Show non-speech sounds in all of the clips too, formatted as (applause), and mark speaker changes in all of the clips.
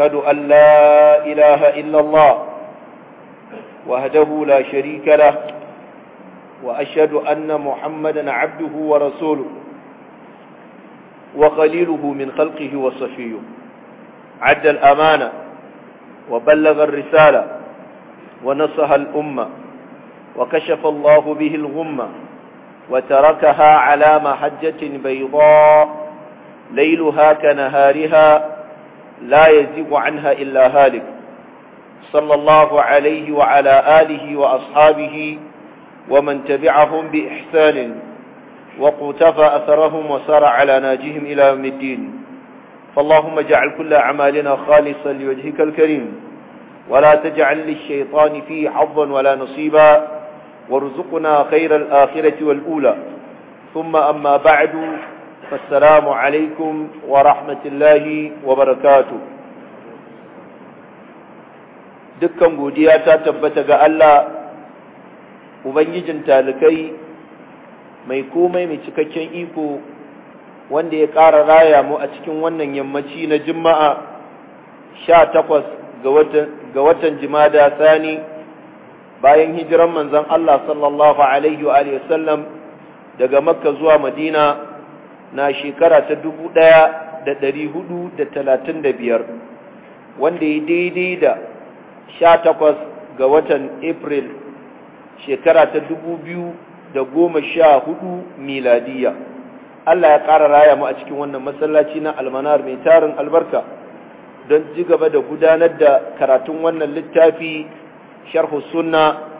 Speaker 1: أشهد أن لا إله إلا الله وهده لا شريك له وأشهد أن محمدا عبده ورسوله وقليله من خلقه وصفيه عد الأمانة وبلغ الرسالة ونصها الأمة وكشف الله به الغمة وتركها على محجة بيضاء ليلها كنهارها لا يزيغ عنها إلا هالك صلى الله عليه وعلى آله وأصحابه ومن تبعهم بإحسان وقتفى أثرهم وسار على ناجهم إلى يوم الدين فاللهم اجعل كل أعمالنا خالصا لوجهك الكريم ولا تجعل للشيطان فيه حظا ولا نصيبا وارزقنا خير الآخرة والأولى ثم أما بعد فالسلام عليكم ورحمة الله وبركاته dukkan godiya ta tabbata ga Allah Ubangijin talikai mai komai mai cikakken iko wanda ya ƙara raya mu a cikin wannan yammaci na Juma'a sha takwas ga watan Jimada Sani bayan hijiran manzon Allah sallallahu Alaihi wa daga Makka zuwa Madina na shekara ta dubu ɗaya da ɗari hudu da talatin da biyar wanda ya daidai da sha takwas ga watan april shekara ta dubu biyu da goma sha hudu miladiya Allah ya ƙara raya mu a cikin wannan masallaci na almanar mai tarin albarka don ji gaba da gudanar da karatun wannan littafi sharhu sunna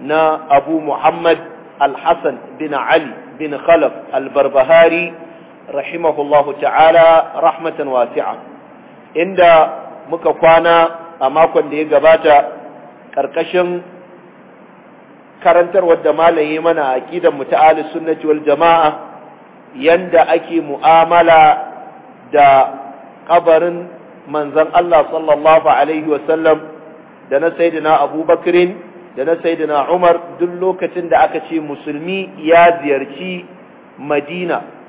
Speaker 1: na abu muhammad al-hassan bin ali bin khalaf al-barbahari rahimahullahu ta'ala rahmatan wasi'a inda muka kwana a makon da ya gabata karkashin karantarwar da malaye mana a aqidan mu ta ahlus sunnati wal jama'a yanda ake mu'amala da ƙabarin manzon Allah sallallahu alaihi wa da na sayyidina Abu da na sayyidina Umar duk lokacin da aka ce musulmi ya ziyarci Madina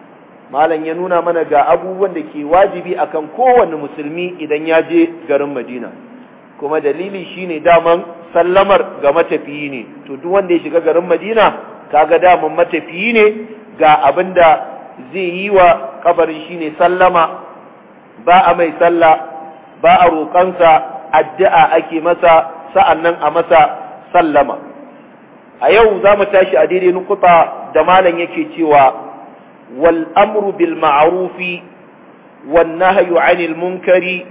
Speaker 1: malam ya nuna mana ga abubuwan da ke wajibi akan kowane musulmi idan ya je garin Madina kuma dalili shine daman sallamar ga matafiyi ne to duk wanda ya shiga garin Madina kaga daman matafiyi ne ga abin da zai yi wa kabarin shine sallama ba a mai sallah ba a roƙansa addu'a ake masa sa'annan a masa sallama a yau za mu tashi a daidai nukuta da malam yake cewa والأمر بالمعروف والنهي عن المنكر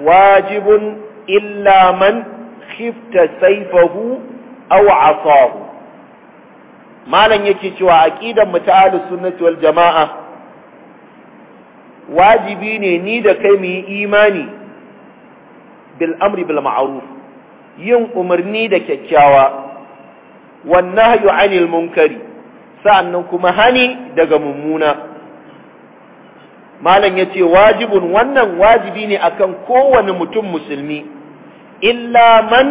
Speaker 1: واجب إلا من خفت سيفه أو عصاه ما لن يكتوى أكيدا متعال السنة والجماعة واجبين نيد كمي إيماني بالأمر بالمعروف yin umarni da kyakkyawa wannan hayu anil munkari sa'annan kuma hani daga mummuna malam yace wajibin wannan wajibi ne akan kowane mutum musulmi illa man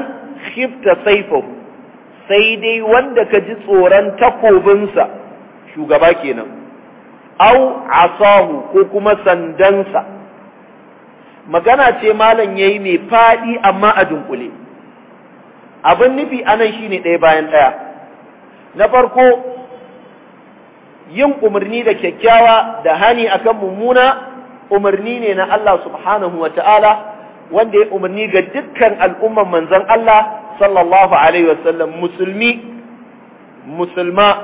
Speaker 1: khifta sayfahu sai dai wanda ka ji tsoron takobinsa shugaba kenan au asahu ko kuma sandansa magana ce malam yayi mai faɗi amma a dunkule abin nufi anan shine ɗaya bayan ɗaya na farko yin umarni da kyakkyawa da hani akan mummuna umarni ne na Allah subhanahu wa ta'ala wanda ya umarni ga dukkan al'umman manzon Allah sallallahu alaihi wasallam musulmi musulma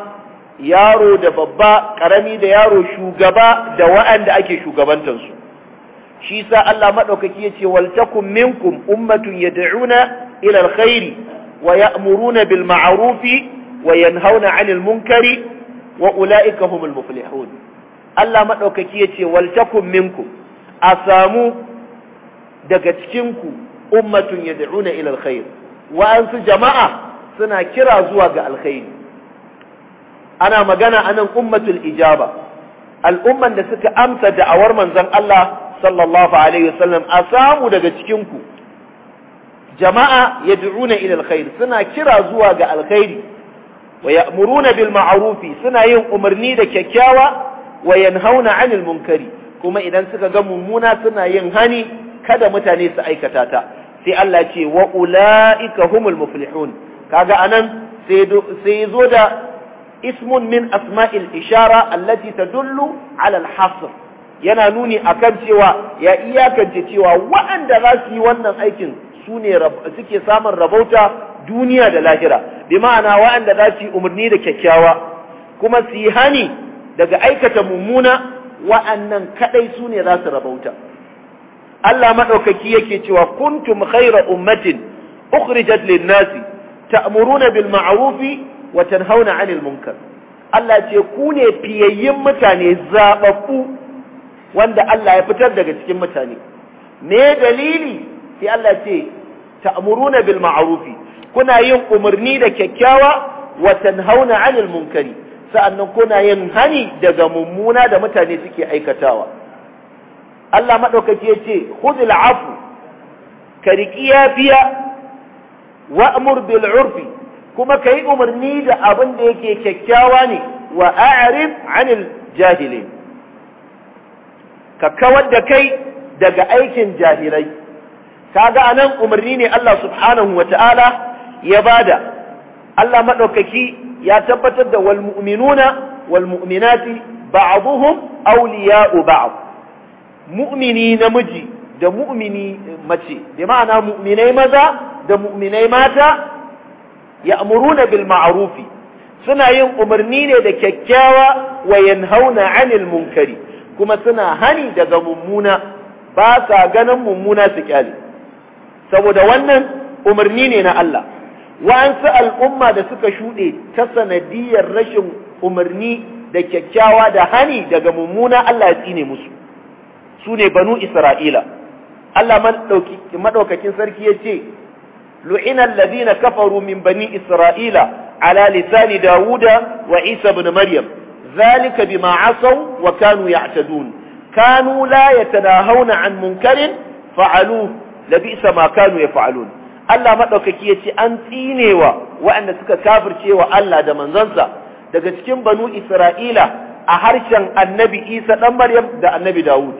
Speaker 1: yaro da babba ƙarami da yaro shugaba da wa'anda ake shugabantansu shi sa Allah madaukaki yace wal takum minkum ummatun yad'una ilal khairi? wa ya'muruna bil ma'rufi wa yanhauna 'anil munkari wa ula'ika humul muflihun Allah maɗaukaki yace wal takum minku a samu daga cikinku ummatun ya ila alkhair wa wa'ansu jama'a suna kira zuwa ga alkhairi ana magana anan ummatul ijaba al'umman da suka amsa da'awar manzon Allah sallallahu alaihi wasallam a samu daga cikinku jama'a jama'a yad'una ila alkhair suna kira zuwa ga alkhairi wa ya'muruna bil ma'rufi suna yin umarni da kyakkyawa wa yanhauna 'anil munkari kuma idan suka ga mummuna suna yin hani kada mutane su aikata ta sai Allah ce wa ulaika humul muflihun kaga anan sai zo da ismun min asma'il ishara allati ta 'ala al-hasr yana nuni akan cewa ya iyakance cewa waɗanda za su yi wannan aikin su suke samun rabauta duniya da lahira bi ma'ana wa'anda za su yi umarni da kyakkyawa kuma su yi hani daga aikata mummuna wa'annan kadai su ne za su rabauta Allah maɗaukaki yake cewa kuntum khayra ummatin ukhrijat lin-nasi ta'muruna bil ma'rufi wa tanhauna 'anil munkar Allah ce ku ne fiyayyin mutane zababbu wanda Allah ya fitar daga cikin mutane me dalili sai Allah ce ta'muruna bil ma'rufi kuna yin umarni da kyakkyawa wa tanhauna 'anil munkari sa'annan kuna yin hani daga mummuna da mutane suke aikatawa Allah madaukaki yace khudil afu kariki yafiya wa'mur bil 'urfi kuma kai umarni da abin da yake kyakkyawa ne wa a'rif 'anil jahilin ka kawar da kai daga aikin jahilai kaga anan umarni ne Allah subhanahu wata'ala ya bada Allah maɗaukaki ya tabbatar da wal mu'minuna wal mu'minati ba'duhum awliya'u ba'd mu'mini namiji da mu'mini mace bi ma'ana mu'minai maza da mu'minai mata ya'muruna bil ma'rufi suna yin umarni ne da kyakkyawa wa yanhauna 'anil munkari kuma suna hani daga mummuna ba sa ganin mummuna su kyale saboda wannan umarni ne na Allah wa'ansu al'umma da suka shuɗe ta sanadiyar rashin umarni da kyakkyawa da hani daga mummuna Allah ya tsine musu su ne banu Isra'ila Allah maɗaukakin sarki ya ce lu'inan ladina kafaru min bani Isra'ila ala lisani Dawuda wa Isa ibn Maryam zalika bima asaw wa kanu ya'tadun kanu la yatanahawna an munkarin fa'aluhu labisa ma ya fa’alun Allah maɗaukaki ya yace an tsinewa waɗanda suka kafirce wa Allah da manzansa daga cikin banu Isra'ila a harshen Annabi Isa dan Maryam da Annabi Dawud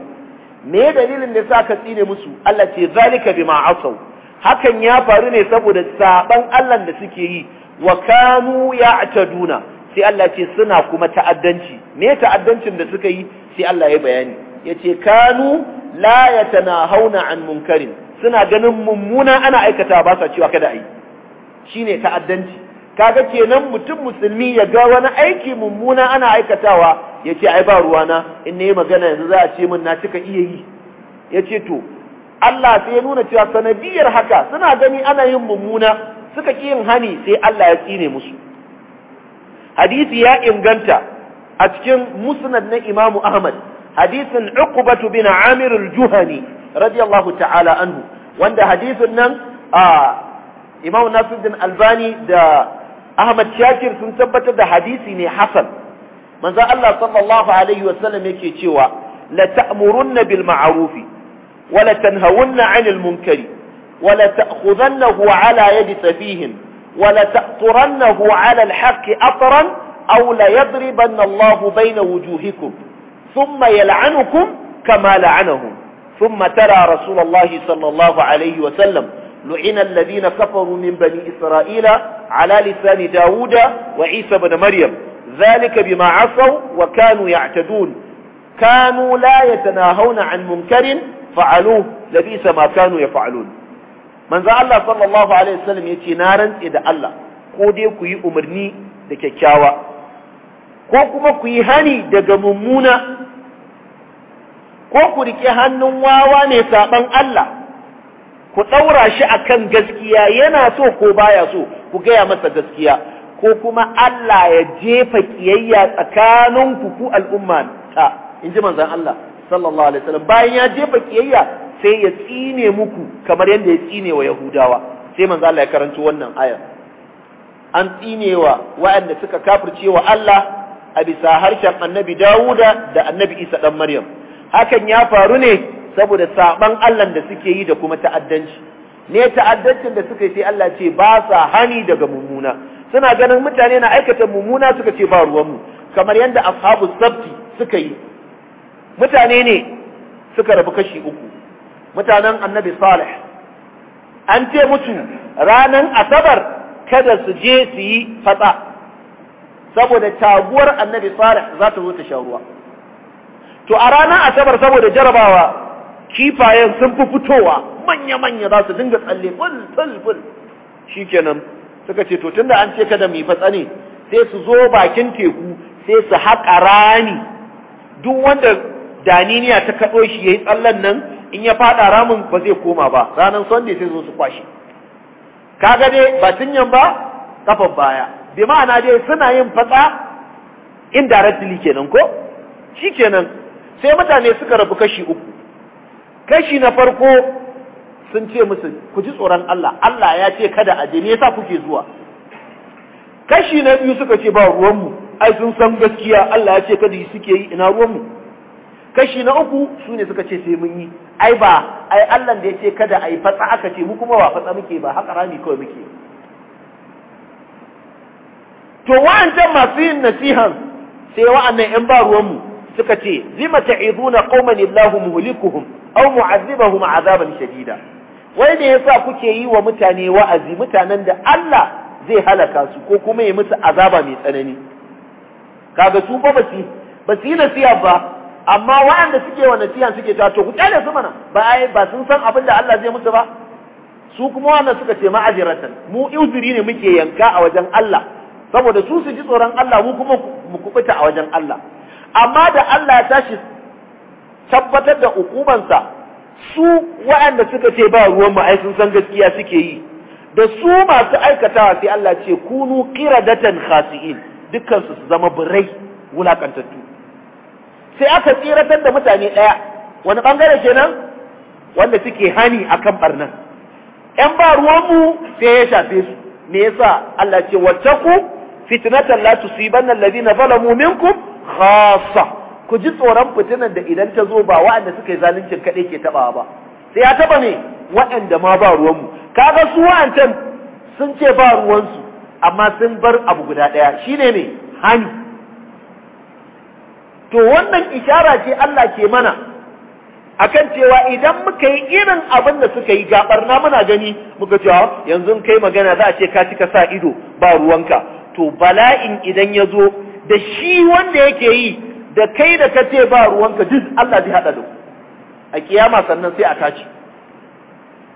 Speaker 1: me dalilin da sa ka tsine musu Allah ce zalika bima asaw hakan ya faru ne saboda saban Allah da suke yi wa kanu ya'taduna sai Allah ce suna kuma ta'addanci me ta'addancin da suka yi sai Allah ya bayani yace kanu la yatanahawna an munkarin suna ganin mummuna ana aikata ba sa cewa kada a yi ne ta'addanci kaga kenan mutum musulmi ya ga wani aiki mummuna ana aikatawa ya ce ai ba ruwana in na yi magana yanzu za a ce min na cika iya yi ya ce to Allah sai ya nuna cewa sanadiyar haka suna gani ana yin mummuna suka ki yin hani sai Allah ya tsine musu hadisi ya inganta a cikin musnad na Imam Ahmad hadisin Uqbatu bin Amir al-Juhani radiyallahu ta'ala anhu wanda hadithun nan a Imam Nasiruddin Albani da Ahmad Shakir sun tabbatar da hadisi ne hasan manzo Allah sallallahu alaihi wasallam yake cewa la ta'murunna bil ma'ruf wa la tanhawunna 'anil munkar wa la ta'khudhannahu 'ala yadi safihin wa la ta'turannahu 'ala al haqq atran aw la yadribanna Allahu bayna wujuhikum thumma yal'anukum kama la'anahum ثم ترى رسول الله صلى الله عليه وسلم لعن الذين كفروا من بني إسرائيل على لسان داود وعيسى بن مريم ذلك بما عصوا وكانوا يعتدون كانوا لا يتناهون عن منكر فعلوه لبئس ما كانوا يفعلون من ذا الله صلى الله عليه وسلم يتي نارا إذا الله قودي كي أمرني دككاوا ko kuma ku yi ko ku rike hannun wawa ne saban Allah ku ɗaura shi akan gaskiya yana so ko baya so ku gaya masa gaskiya ko kuma Allah ya jefa kiyayya tsakanin ku ku al'umma ta in ji manzon Allah sallallahu alaihi wasallam bayan ya jefa kiyayya sai ya tsine muku kamar yadda ya tsine wa Yahudawa sai manzon Allah ya karanto wannan a'yan. an tsinewa wa'anda suka kafirce wa Allah a bisa harshen annabi Dawuda da annabi Isa ɗan Maryam. hakan ya faru ne saboda saban Allah da suke yi da kuma ta'addanci ne ta'addancin da suka yi sai Allah ce ba sa hani daga mummuna suna ganin mutane na aikata mummuna suka ce ba ruwanmu kamar yadda ashabu sabti suka yi mutane ne suka rabu kashi uku mutanen annabi salih an ce mutu ranan asabar kada su je su yi fata saboda taguwar annabi salih za ta zo ta sha ruwa to a ranar asabar saboda jarabawa kifayen sun fi fitowa manya-manya za su dinga tsalle bul-bul-bul. shi kenan suka ce to da an ce kada mu yi fatsane sai su zo bakin teku sai su haƙa rani duk wanda daniniya ta kaɗo shi ya yi tsallan nan in ya faɗa ramin ba zai koma ba ranar sunday sai zo su kwashe kaga dai ba cinyan ba kafan baya bi ma'ana dai suna yin fatsa indirectly kenan ko shi kenan sai mutane suka rabu kashi uku kashi na farko sun ce musu ku ji tsoron Allah Allah ya ce kada a je yasa kuke zuwa kashi na biyu suka ce ba ruwanmu ai sun san gaskiya Allah ya ce kada yi suke yi ina ruwanmu kashi na uku su ne suka ce sai mun yi ai ba ai Allah da ya ce kada a yi fatsa aka ce mu kuma ba fatsa muke ba haka rami kawai muke to wa'ancan masu yin nasihan sai wa'annan 'yan ba ruwanmu suka ce lima ta'iduna qauman illahu muhlikuhum aw mu'azzibuhum azaban shadida wai ne yasa kuke yi wa mutane wa'azi mutanen da Allah zai halaka su ko kuma ya musu azaba mai tsanani kaga su ba basu basu ba amma waɗanda suke wa nasiha suke ta to ku kyale su mana ba ai ba sun san abin da Allah zai musu ba su kuma wannan suka ce ma'aziratan mu uzuri ne muke yanka a wajen Allah saboda su su ji tsoron Allah mu kuma mu kubuta a wajen Allah amma da Allah ya tashi tabbatar da hukumansa su waɗanda suka ce ba ruwan mu ai sun san gaskiya suke yi da su masu aikatawa sai Allah ce kunu qiradatan khasi'in dukkan su su zama burai wulakantattu sai aka tsiratar da mutane daya wani bangare kenan wanda suke hani akan barnan yan ba ruwan mu sai ya shafe su me yasa Allah ce wattaku fitnatan la tusibanna alladhina zalamu minkum
Speaker 2: khassa
Speaker 1: ku ji tsoron fitinar da idan ta zo ba waɗanda suka yi zaluncin kaɗai ke taɓawa ba sai ya taɓa ne waɗanda ma ba ruwanmu kaga su wa'ancan sun ce ba ruwansu amma sun bar abu guda ɗaya shine ne hani to wannan ishara ce Allah ke mana akan cewa idan muka yi irin abin da suka yi gaɓar na muna gani muka cewa ah, yanzu kai magana za a ce ka cika sa ido ba ruwanka to bala'in idan ya zo da shi wanda yake yi da kai da kace ba ruwanka duk Allah zai hada da a kiyama sannan sai a tashi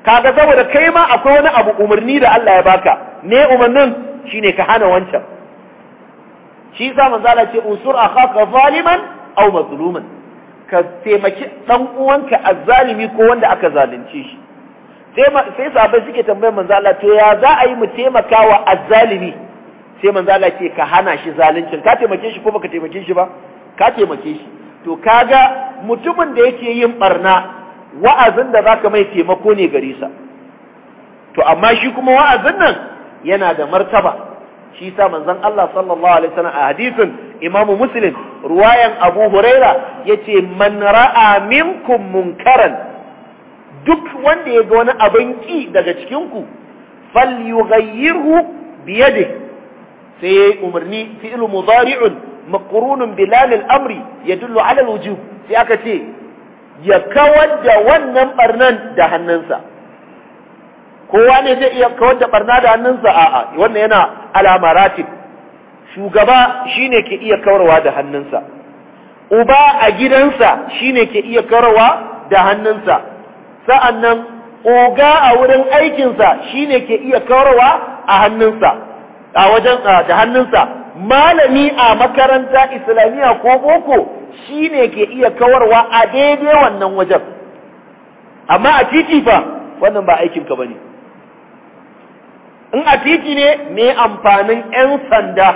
Speaker 1: kaga saboda kai ma akwai wani abu umarni da Allah ya baka ne umarnin shine ka hana wancan shi sa manzo Allah ce usur akhaka zaliman aw mazluman ka taimaki dan uwanka azzalimi ko wanda aka zalunce shi sai sai sabai suke tambayar manzo Allah to ya za a yi mu taimakawa azzalimi sai manzo Allah ce ka hana shi zaluncin ka taimake shi ko baka taimake shi ba ka taimake shi to kaga mutumin da yake yin barna wa'azin da zaka mai taimako ne gare sa to amma shi kuma wa'azin nan yana da martaba shi sa manzon Allah sallallahu alaihi wasallam a hadithin Imam Muslim ruwayan Abu Huraira yace man ra'a minkum munkaran duk wanda ya ga wani abin ki daga cikin ku falyughayyirhu biyadihi sai umarni fi'l mudari'un maqrunun bi lamil amri yadullu ala al-wujub sai aka ce ya kawar da wannan barnan da hannunsa kowa ne zai iya kawar da barna da hannunsa a'a wannan yana alama alamaratib shugaba shine ke iya kawarwa da hannunsa uba a gidansa shine ke iya kawarwa da hannunsa sa'annan oga a wurin aikinsa shine ke iya kawarwa a hannunsa a wajen da hannunsa malami a makaranta islamiyya ko boko shine ke iya kawarwa a daidai wannan wajen amma a titi fa wannan ba aikin ka bane in a titi ne me amfanin yan sanda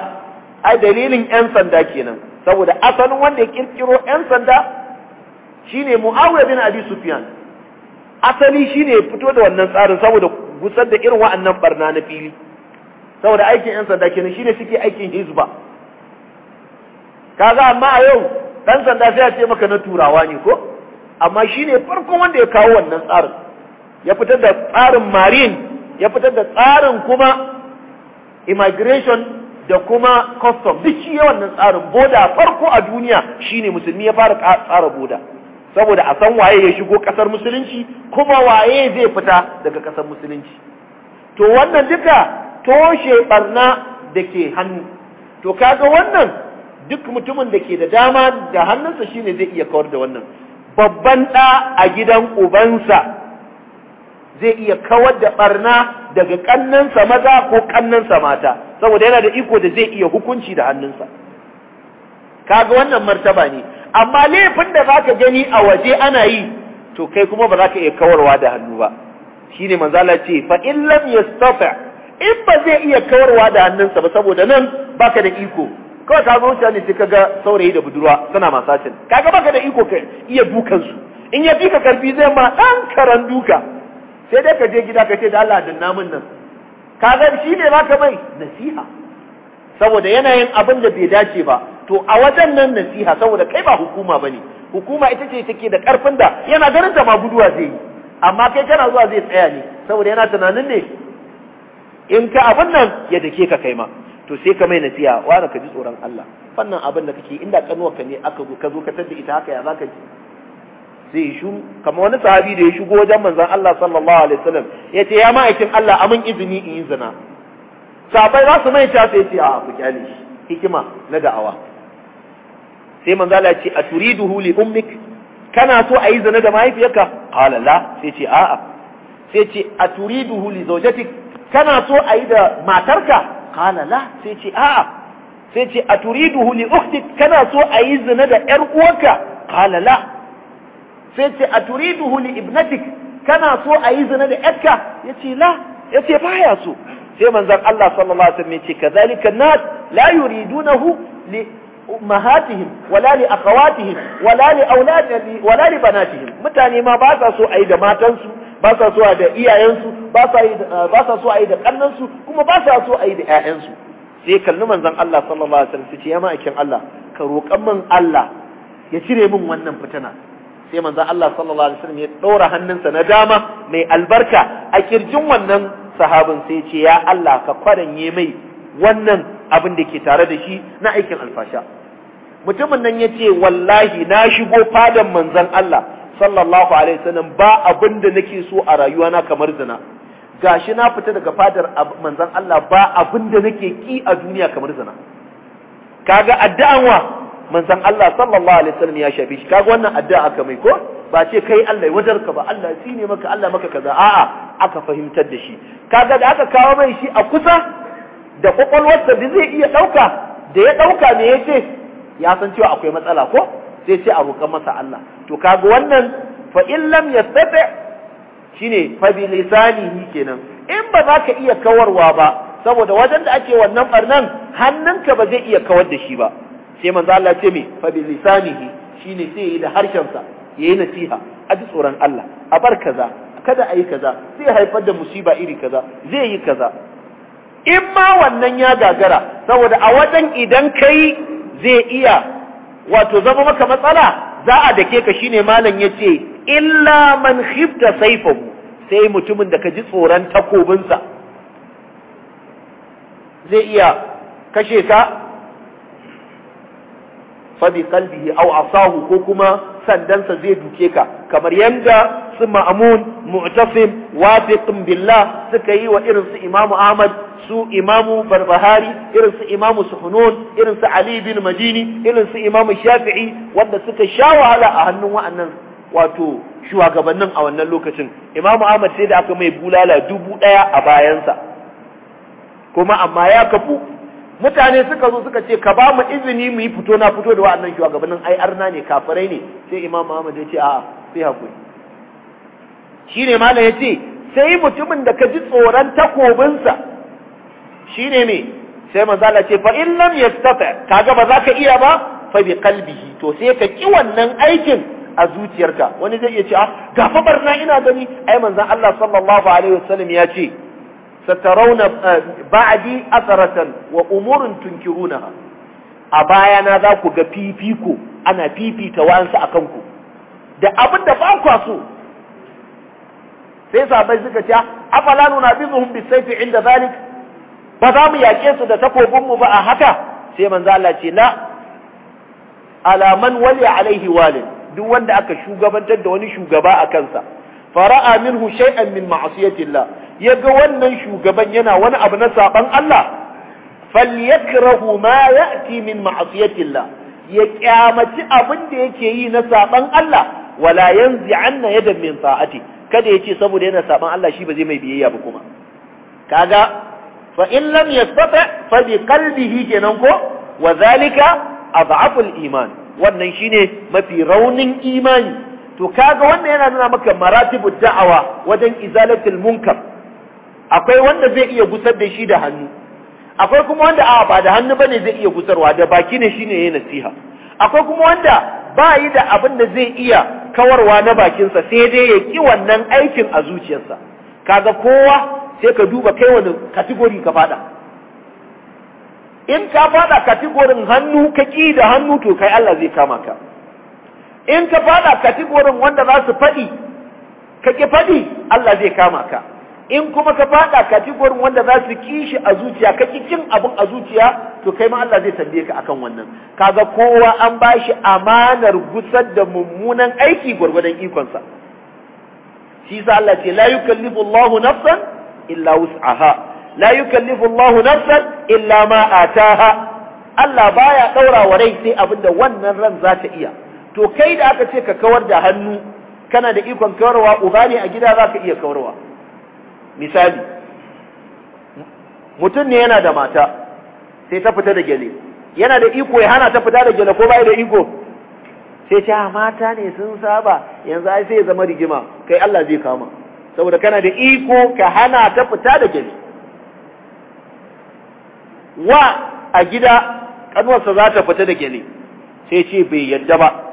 Speaker 1: a dalilin yan sanda kenan saboda asalin wanda ya kirkiro yan sanda shine Muawiya bin Abi Sufyan asali shine ya fito da wannan tsarin saboda gusar da irin wa'annan barna na fili saboda aikin yan sanda kenan shine suke aikin hizba kaga amma a yau ɗan sanda sai a ce maka na turawa ne ko amma shine farkon wanda ya kawo wannan tsarin ya fitar da tsarin marine ya fitar da tsarin kuma immigration da kuma custom duk shi ya wannan tsarin boda farko a duniya shine musulmi ya fara tsara boda saboda a san waye ya shigo kasar musulunci kuma waye zai fita daga kasar musulunci to wannan duka toshe barna da ke hannu to kaga wannan duk mutumin da ke da dama da hannunsa shine zai iya kawar da wannan babban ɗa a gidan ubansa zai iya kawar da barna daga ƙannensa maza ko ƙannensa mata saboda yana da iko da zai iya hukunci da hannunsa kaga wannan martaba ne amma laifin da zaka gani a waje ana yi to kai kuma ba za ka iya kawarwa da hannu ba shine manzala ce fa in lam yastata in ba zai iya kawarwa da hannunsa ba saboda nan baka da iko kawai ka zo ne sai kaga saurayi da budurwa suna masacin kaga baka da iko ka iya dukan su in ya ka karfi zai ma dan karan duka sai dai ka je gida ka ce da Allah da namun nan kaga shi ne baka mai nasiha saboda yanayin abin da bai dace ba to a wajen nan nasiha saboda kai ba hukuma ba ne hukuma ita ce take da karfin da yana ganin ta ma guduwa zai yi amma kai kana zuwa zai tsaya ne saboda yana tunanin ne in ka abin nan ya dake ka kai ma to sai ka mai nasiya wani ka ji tsoron Allah wannan abin da kake inda kanuwar ne aka ka zo ka tada ita haka ya za ka ji sai shu kamar wani sahabi da ya shigo wajen manzon Allah sallallahu alaihi wasallam ya ce ya ma'aikin Allah amin izini in yi zina sahabbai za su mai ta sai ce a ku kyale shi hikima na da'awa sai manzo Allah ya ce aturiduhu li ummik kana so a yi zina da mahaifiyarka qala la sai ce a'a sai ce a aturiduhu li zawjatik kana so a yi da matarka qala la sai ce a'a sai ce a turiduhu huli ukhtik kana so a yi zina da yar uwarka qala la sai ce a turiduhu huli ibnatik kana so a yi zina da yarka yace la yace baya so sai manzon Allah sallallahu alaihi wasallam yace kadhalika nas la yuridunahu li ummahatihim wala li akhawatihim wala li auladihim wala li banatihim mutane ma ba sa so a yi da matansu ba sa so da iyayensu ba sa yi ba sa so a yi da kannansu eh, kuma ba sa so a yi da ƴaƴansu sai kalli manzon Allah sallallahu alaihi wasallam ce ya ma'aikin Allah ka roƙan min Allah ya cire min wannan fitina sai manzon Allah sallallahu alaihi wasallam ya ɗora hannunsa na dama mai albarka a kirjin wannan sahabin sai ce ya Allah ka kwaranye mai wannan abin da ke tare da shi na aikin alfasha mutumin nan ya ce wallahi na shigo fadan manzon Allah sallallahu alaihi wasallam ba abin da nake so a rayuwa na kamar zina gashi na fita daga fadar manzon Allah ba abin da nake ki a duniya kamar zina kaga addu'an wa manzon Allah sallallahu alaihi wasallam ya shafe shi kaga wannan addu'a aka mai ko ba ce kai Allah ya wadarka ba Allah ne maka Allah maka kaza a'a aka fahimtar da shi kaga da aka kawo mai shi a kusa da sa da zai iya dauka da ya dauka me yace ya san cewa akwai matsala ko sai ce a roƙa masa Allah to kaga wannan fa in lam yastati shine fa bi lisanihi kenan in ba za ka iya kawarwa ba saboda wajen da ake wannan barnan hannunka ba zai iya kawar da shi ba sai manzo Allah ce me fa bi lisanihi shine sai yi da harshen sa yayi nasiha a ji tsoron Allah a bar kaza kada a yi kaza zai haifar da musiba iri kaza zai yi kaza in ma wannan ya gagara saboda a wajen idan kai zai iya wato zama maka matsala za a dake ka shine malam yace illa man khifta sayfahu sai mutumin da ka ji tsoron takobinsa zai iya kashe ka fa bi qalbihi aw asahu ko kuma sandansa zai duke ka kamar yanda su ma'amun mu'tasim wafiqun billah suka yi wa irin su imamu ahmad su imamu barbahari irin su imamu suhunun irin su ali bin madini irin su imamu shafi'i wanda suka sha wahala a hannun wa'annan wato shugabannin a wannan lokacin imamu ahmad sai da aka mai bulala dubu daya a bayansa kuma amma ya kafu mutane suka zo suka ce ka ba mu izini mu yi fito na fito da wa'annan shugabannin ai arna ne kafirai ne sai imam Muhammad ya ce a'a sai hakuri shine malam ya ce sai mutumin da ka ji tsoron takobinsa shine me sai manzo Allah ce fa in lam yastata kaga ba za ka iya ba fa bi qalbihi to sai ka ki wannan aikin a zuciyarka wani zai iya ce a ah, gafa barna ina gani ai manzon Allah sallallahu alaihi wasallam ya ce satarawna ba'di asaratan wa umurun tunkirunaha a baya na za ku ga fifiko ana fifita wa'ansu a kanku da abin da ba ku so sai sabai suka ce afala nuna bizuhum bisayfi inda zalik ba za mu yaƙe su da takobin mu ba a haka sai manzo ce la alaman wali alaihi walin duk wanda aka shugabantar da wani shugaba a kansa fara'a minhu shay'an min ma'asiyatillah yaga wannan shugaban yana wani abu na saban Allah falyakrahu ma ya'ti min ma'asiyatillah ya kyamaci abin da yake yi na saban Allah wala yanzi anna yadan min sa'ati kada yace saboda yana saban Allah shi ba zai mai biyayya ba kuma kaga fa in lam yastata fa bi qalbihi kenan ko wa zalika adhafu al-iman wannan shine mafi raunin imani to kaga wannan yana nuna maka maratibu da'awa wajen izalatul munkar akwai wanda zai iya gusar da shi da hannu akwai kuma wanda a ba da hannu bane zai iya gusarwa da baki ne shine yayin nasiha akwai kuma wanda ba yi da abin da zai iya kawarwa na bakinsa sai dai ya ki wannan aikin a zuciyarsa kaga kowa sai ka duba kai wani kategori ka fada in ka fada kategorin hannu ka ki da hannu to kai Allah zai kama ka in ka fada kategorin wanda za su faɗi ka ki faɗi Allah zai kama ka in kuma ka fada kategorin wanda za su kishi a zuciya ka ki kin abin a zuciya to kai ma Allah zai tambaye ka akan wannan kaga kowa an ba shi amanar gusar da mummunan aiki gwargwadon ikonsa shi sa Allah ce la yukallifu Allahu nafsan illa wus'aha la yukallifu Allahu nafsan illa ma ataha Allah baya daura wa rai sai abinda wannan ran za ta iya to kai da aka ce ka kawar da hannu kana da ikon kawarwa uba ne a gida za ka iya kawarwa misali mutum ne yana da mata sai ta fita da gele. yana da iko ya hana ta fita da gele, ko bai da iko sai ce ah, mata ne sun saba yanzu ai sai ya zama rigima kai Allah zai kama saboda kana da iko ka hana ta fita da gele. wa a gida kanuwarsa za ta fita da gele sai ce bai yadda ba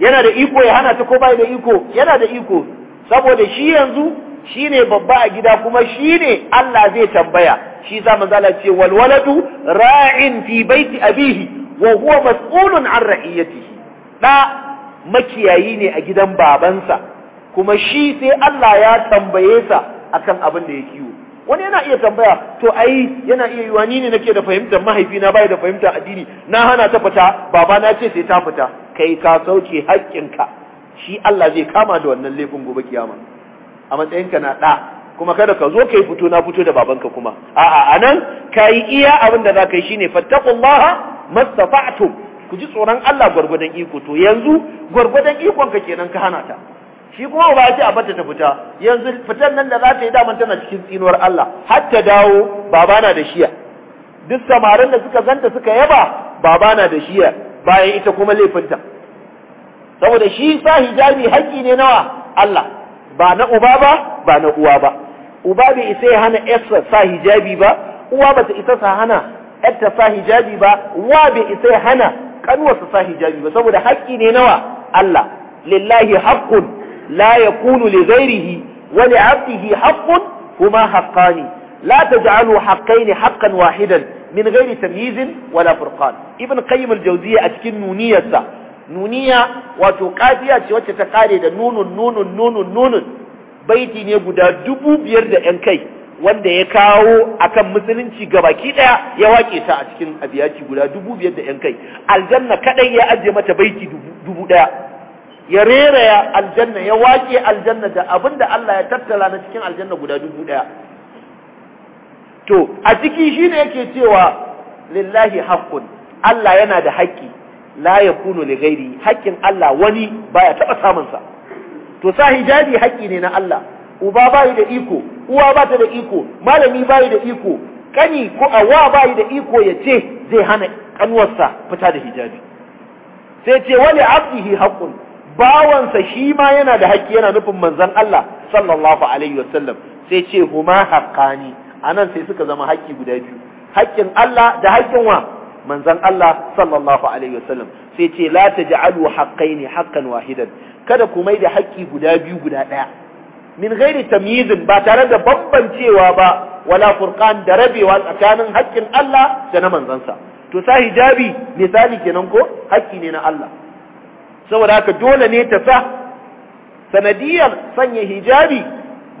Speaker 1: yana da iko ya hana ta ko bai da iko yana da iko saboda shi yanzu shine babba a gida kuma shine Allah zai tambaya shi za zala ce wal waladu ra'in fi baiti abihi wa huwa mas'ulun an ra'iyatihi da makiyayi ne a gidan babansa kuma shi sai Allah ya tambaye sa akan abin da ya kiwo wani yana iya tambaya to ai yana iya yiwa ni ne nake da fahimtar mahaifina bai da fahimtar addini na hana ta fita baba na ce sai ta fita kai ka sauke haƙƙinka shi Allah zai kama da wannan laifin gobe kiyama a matsayinka na ɗa kuma kada ka zo kai fito na fito da babanka kuma a'a anan kai iya abin da zaka yi shine fattaqullaha mastata'tum ku ji tsoron Allah gwargwadon iko to yanzu gwargwadon ikon ka kenan ka hana ta shi kuma uba ya ce a bata ta fita yanzu fitan nan da za ta yi daman tana cikin tsinuwar Allah har ta dawo baba na da shiya duk samarin da suka zanta suka yaba baba na da shiya bayan ita kuma laifinta saboda shi sa hijabi haƙƙi ne nawa Allah ba na uba ba ba na uwa ba uba bai isa ya hana yarsa sa hijabi ba uwa bata isa sa hana yarta sa hijabi ba uwa bai isa ya hana kanuwarsa sa hijabi ba saboda haƙƙi ne nawa Allah lillahi haqqun لا يكون لغيره ولعبده حق هما حقان لا تجعلوا حقين حقا واحدا من غير تمييز ولا فرقان ابن قيم الجوزية أتكن نونية سا. نونية وتقافية شوات تقالي نون نون نون نون baiti ne guda dubu biyar da kai wanda ya kawo akan musulunci gabaki ɗaya ya wake ta a cikin abiyaci guda dubu biyar da ‘yan kai aljanna kaɗai ya ajiye mata baiti dubu ɗaya ya ya aljanna ya wake aljanna da abinda Allah ya tattala na cikin aljanna guda dubu ɗaya to a ciki shine yake cewa lillahi haqqun Allah yana da haƙƙi la yakunu li ghairi haƙƙin Allah wani baya taba samun sa to sa hijabi haƙƙi ne na Allah uba bai da iko uwa ba ta da iko malami bai da iko kani ko awa bai da iko ya ce zai hana kanwarsa fita da hijabi sai ce wani abdihi haqqun bawansa shi ma yana da haƙƙi yana nufin manzon Allah sallallahu alaihi wasallam sai ce huma haqqani anan sai suka zama haƙƙi guda biyu haƙƙin Allah da haƙƙin wa manzon Allah sallallahu alaihi wasallam sai ce la taj'alu haqqaini haqqan wahidan kada ku mai da haƙƙi guda biyu guda ɗaya min ghairi tamyizin ba tare da bambancewa ba wala furqan da rabewa tsakanin haƙƙin Allah da na manzansa to sa hijabi misali kenan ko haƙƙi ne na Allah saboda haka dole ne ta sa sanadiyar sanya hijabi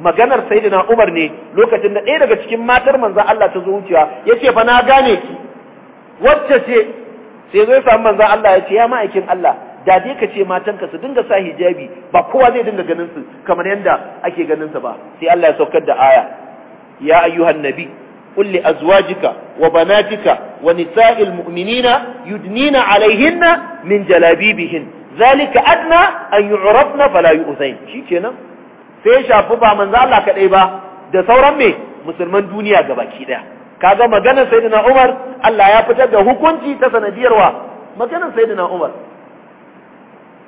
Speaker 1: maganar sayyidina Umar ne lokacin da ɗaya daga cikin matar manzon Allah ta zo wucewa yace fa na gane ki wacce ce sai zai samu manzon Allah ya ce ya ma'aikin Allah da dai ka ce matanka su dinga sa hijabi ba kowa zai dinga ganin su kamar yadda ake ganin su ba sai Allah ya saukar da aya ya ayyuhan nabi qul li azwajika wa banatika wa nisa'il mu'minina yudnina alaihinna min jalabibihin zalika adna an yu'rafna fala yu'zain shikenan sai ya shafi ba manza Allah kaɗai ba da sauran me musulman duniya gabaki daya kaga maganar sayyidina Umar Allah ya fitar da hukunci ta sanadiyarwa magana sayyidina Umar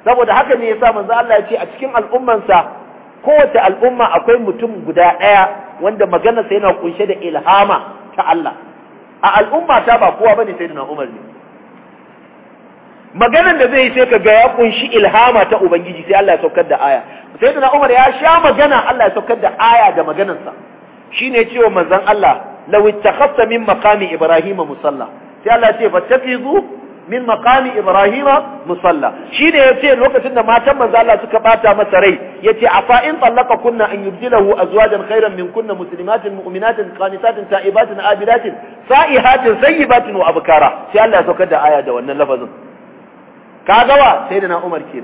Speaker 1: saboda haka ne yasa manzo Allah ya ce a cikin al'ummansa kowace al'umma akwai mutum guda ɗaya wanda maganarsa yana kunshe da ilhama ta Allah a al'umma ta ba kowa bane sayyidina Umar ne maganan da zai yi sai ka ga ya kunshi ilhama ta ubangiji sai Allah ya saukar da aya sai da Umar ya sha magana Allah ya saukar da aya da maganansa shine cewa manzon Allah law ittakhadta min maqami ibrahima musalla sai Allah ya ce fattakizu min maqami ibrahima musalla shine ce lokacin da matan manzon Allah suka bata masa rai yace afa in tallaka kunna an yubdilahu azwajan khairan min kunna muslimatin mu'minatin qanitatin ta'ibatin abidatin sa'ihatin sayyibatin wa abkara sai Allah ya saukar da aya da wannan lafazin kaga wa sai da na Umar ke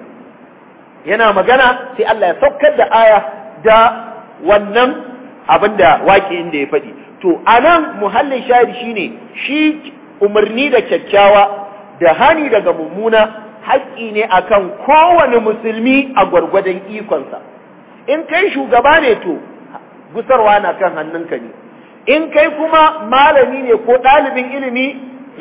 Speaker 1: yana magana sai Allah ya saukar da aya da wannan abin da waƙi inda ya faɗi to anan muhallin shahid shine shi umarni da kyakkyawa da hani daga mummuna haƙƙi ne akan kowane musulmi a gwargwadon ikonsa in kai shugaba ne to gusarwa na kan hannunka ne in kai kuma malami ne ko ɗalibin ilimi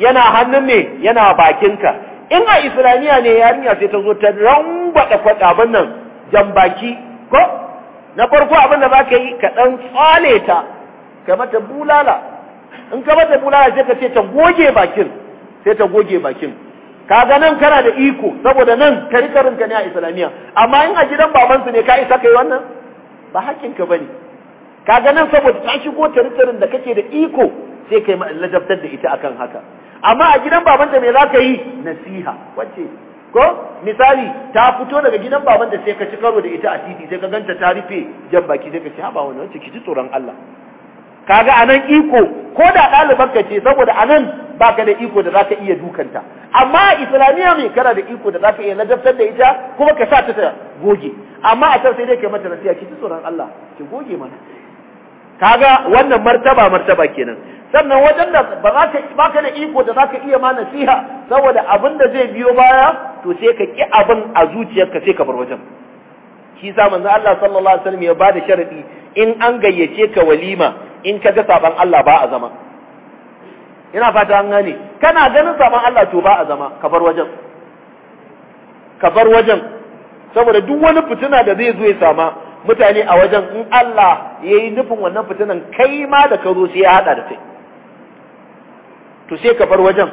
Speaker 1: yana hannun ne yana bakinka in a islamiyya ne yarinya sai ta zo ta rambada kwadaban nan jan baki ko na farko abin da zaka yi ka dan tsale ta ka mata bulala in ka mata bulala sai ka ce ta goge bakin sai ta goge bakin kaga nan kana da iko saboda nan karikarin ka ne a islamiyya amma in a gidan babansu ne ka isa kai wannan ba hakkin ka bane kaga nan saboda ta shigo tarikarin da kake da iko sai kai ma ladabtar da ita akan haka amma a gidan babanta me za ka yi nasiha wacce ko misali ta fito daga gidan babanta sai ka ci karo da ita a titi sai ka ganta ta rufe jan baki sai ka ce haba wannan wacce ki ji tsoron Allah kaga anan iko ko da ɗaliban ka ce saboda anan baka da iko da za ka iya dukanta amma islamiya mai kana da iko da za ka iya ladabtar da ita kuma ka sa ta goge amma a can sai dai kai mata nasiha ki ji tsoron Allah ki goge mana kaga wannan martaba martaba kenan sannan wajen da ba za ka ba ka da iko da za ka iya ma nasiha saboda abin da zai biyo baya to sai ka ki abin a zuciyarka sai ka bar wajen shi sa manzo Allah sallallahu alaihi wasallam ya bada sharadi in an gayyace ka walima in ka ga saban Allah ba a zama ina fata an gane kana ganin saban Allah to ba a zama ka bar wajen ka bar wajen saboda duk wani fitina da zai zo ya sama mutane a wajen in Allah ya yi nufin wannan fitinan kai ma da ka zo sai ya haɗa da kai to sai ka bar wajen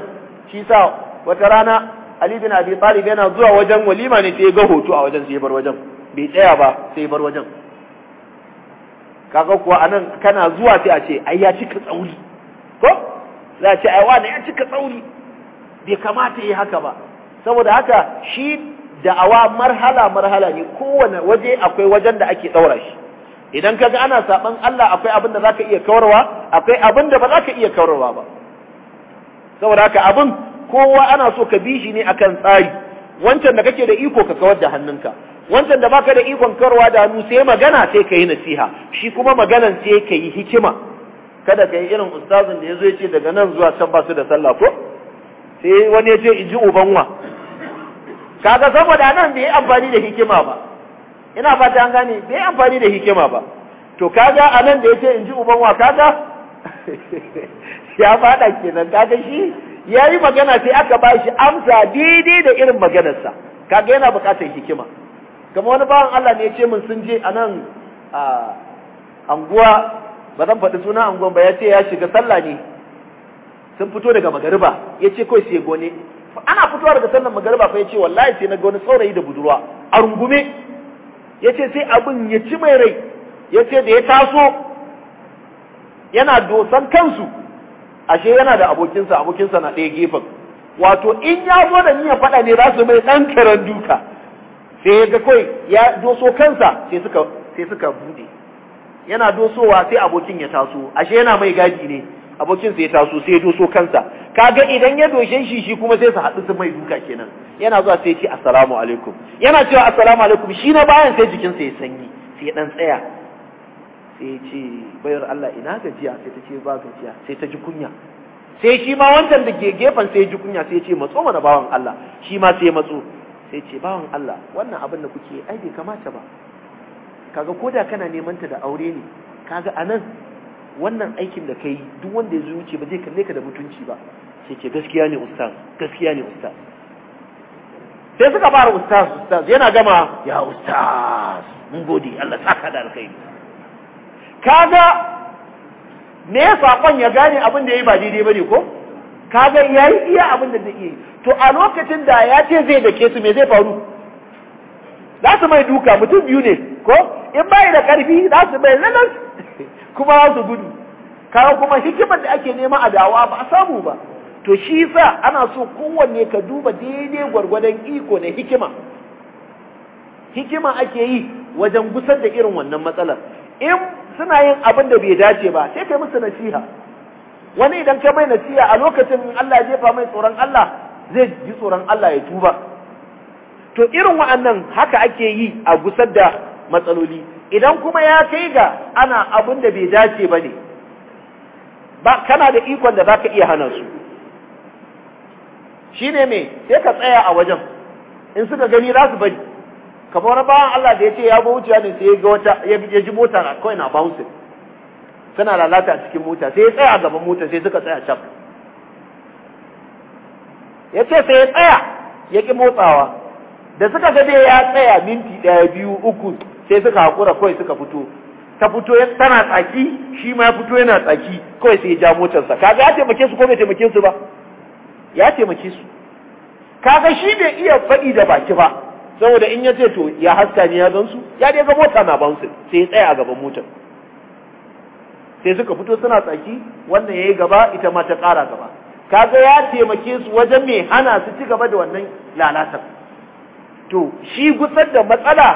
Speaker 1: shi sa wata rana Ali bin Abi Talib yana zuwa wajen walima ne sai ya ga hoto a wajen sai ya bar wajen bai tsaya ba sai ya bar wajen kaga kuwa anan kana zuwa sai a ce ai ya cika tsauri ko za a ce ai wani ya cika tsauri bai kamata yi haka ba saboda haka shi da'awa marhala marhala ne kowane waje akwai wajen da ake tsaura shi idan kaga ana saban Allah akwai abin da zaka iya kawarwa akwai abin da ba zaka iya kawarwa ba saboda haka abin kowa ana so ka bi shi ne akan tsari wancan da kake da iko ka kawar da hannunka wancan da baka da ikon kawarwa da hannu sai magana sai ka yi nasiha shi kuma maganan sai ka yi hikima kada ka yi irin ustazin da ya zo ya ce daga nan zuwa can ba su da sallah ko sai wani ya ce in ji ubanwa kaga saboda nan bai amfani da hikima ba ina fata an gane bai amfani da hikima ba to kaga a nan da yace in ji uban wa kaga (laughs) ya fada kenan kaga shi yayi magana sai aka ba shi amsa didi da irin maganarsa kaga yana buƙatar hikima kamar wani bawan Allah ne ya ce min sun je a nan anguwa ba zan faɗi suna anguwan ba ya ce ya shiga sallah ne sun fito daga magariba ya ce kawai sai gone ana fitowa daga sannan magariba fa yace wallahi sai na ga wani saurayi da budurwa a rungume yace sai abin ya ci mai rai yace da ya taso yana dosan kansu ashe yana da abokinsa abokinsa na ɗaya gefen wato in ya zo da ya faɗa ne za su mai ɗan karan duka sai ya ga kai ya doso kansa sai suka sai suka bude yana dosowa sai abokin ya taso ashe yana mai gadi ne abokin sai ya taso sai ya doso kansa kaga idan ya doshe shi shi kuma sai su haɗu su mai duka kenan yana zuwa sai ya ce assalamu alaikum yana cewa assalamu alaikum shi na bayan sai jikinsa ya sanyi sai ya dan tsaya sai ya ce bayar Allah ina gajiya sai ta ce ba gajiya sai ta ji kunya sai shi ma wancan da ke gefen sai ya ji kunya sai ya ce matso mana bawan Allah shi ma sai ya matso sai ya ce bawan Allah wannan abin da kuke ai bai kamata ba kaga koda kana neman ta da aure ne kaga anan wannan aikin da kai duk wanda ya wuce ba zai kalle ka da mutunci ba sai ce gaskiya ne ustaz gaskiya ne ustaz sai suka fara ustaz ustaz yana gama ya ustaz mun gode Allah saka da alkhairi kaga me ya sakon ya gane abin da yayi ba daidai bane ko kaga yayi iya abin da zai yi to a lokacin da ya ce zai dake su me zai faru za su mai duka mutum biyu ne ko in bai da karfi za su mai lalas kuma za su gudu kawo kuma hikimar da ake nema a dawa ba a samu ba to shi sa ana so kowanne ka duba daidai gwargwadon iko na hikima hikima ake yi wajen gusar da irin wannan matsalar in suna yin abin da bai dace ba sai kai musu nasiha wani idan ka mai nasiha a lokacin Allah ya jefa mai tsoron Allah zai ji tsoron Allah ya tuba to irin wa'annan haka ake yi a gusar da matsaloli idan kuma ya kai ga ana abin da bai dace ba ne ba kana da ikon da za ka iya hana su shi ne mai sai ka tsaya a wajen in suka gani za su bari kamar wani bawan Allah da ya ce ya bi wuciya ne sai ga wata ya ji mota na kawai na bouncing tana lalata a cikin mota sai ya tsaya a gaban mota sai suka tsaya can ya ce sai ya tsaya ya ki motsawa da suka ga ya tsaya minti ɗaya biyu uku sai suka hakura kawai suka fito ta fito tana tsaki shi ma ya fito yana tsaki kawai sai ya ja motarsa kaga ya taimake su ko bai taimake su ba ya taimake su kaga shi bai iya faɗi da baki ba saboda in ya ce to ya haska ne ya su ya dai ga mota na bansu sai ya tsaya a gaban motar sai suka fito suna tsaki wannan yayi gaba ita ma ta ƙara gaba kaga ya taimake su wajen mai hana su ci gaba da wannan lalatar to shi gutsar da matsala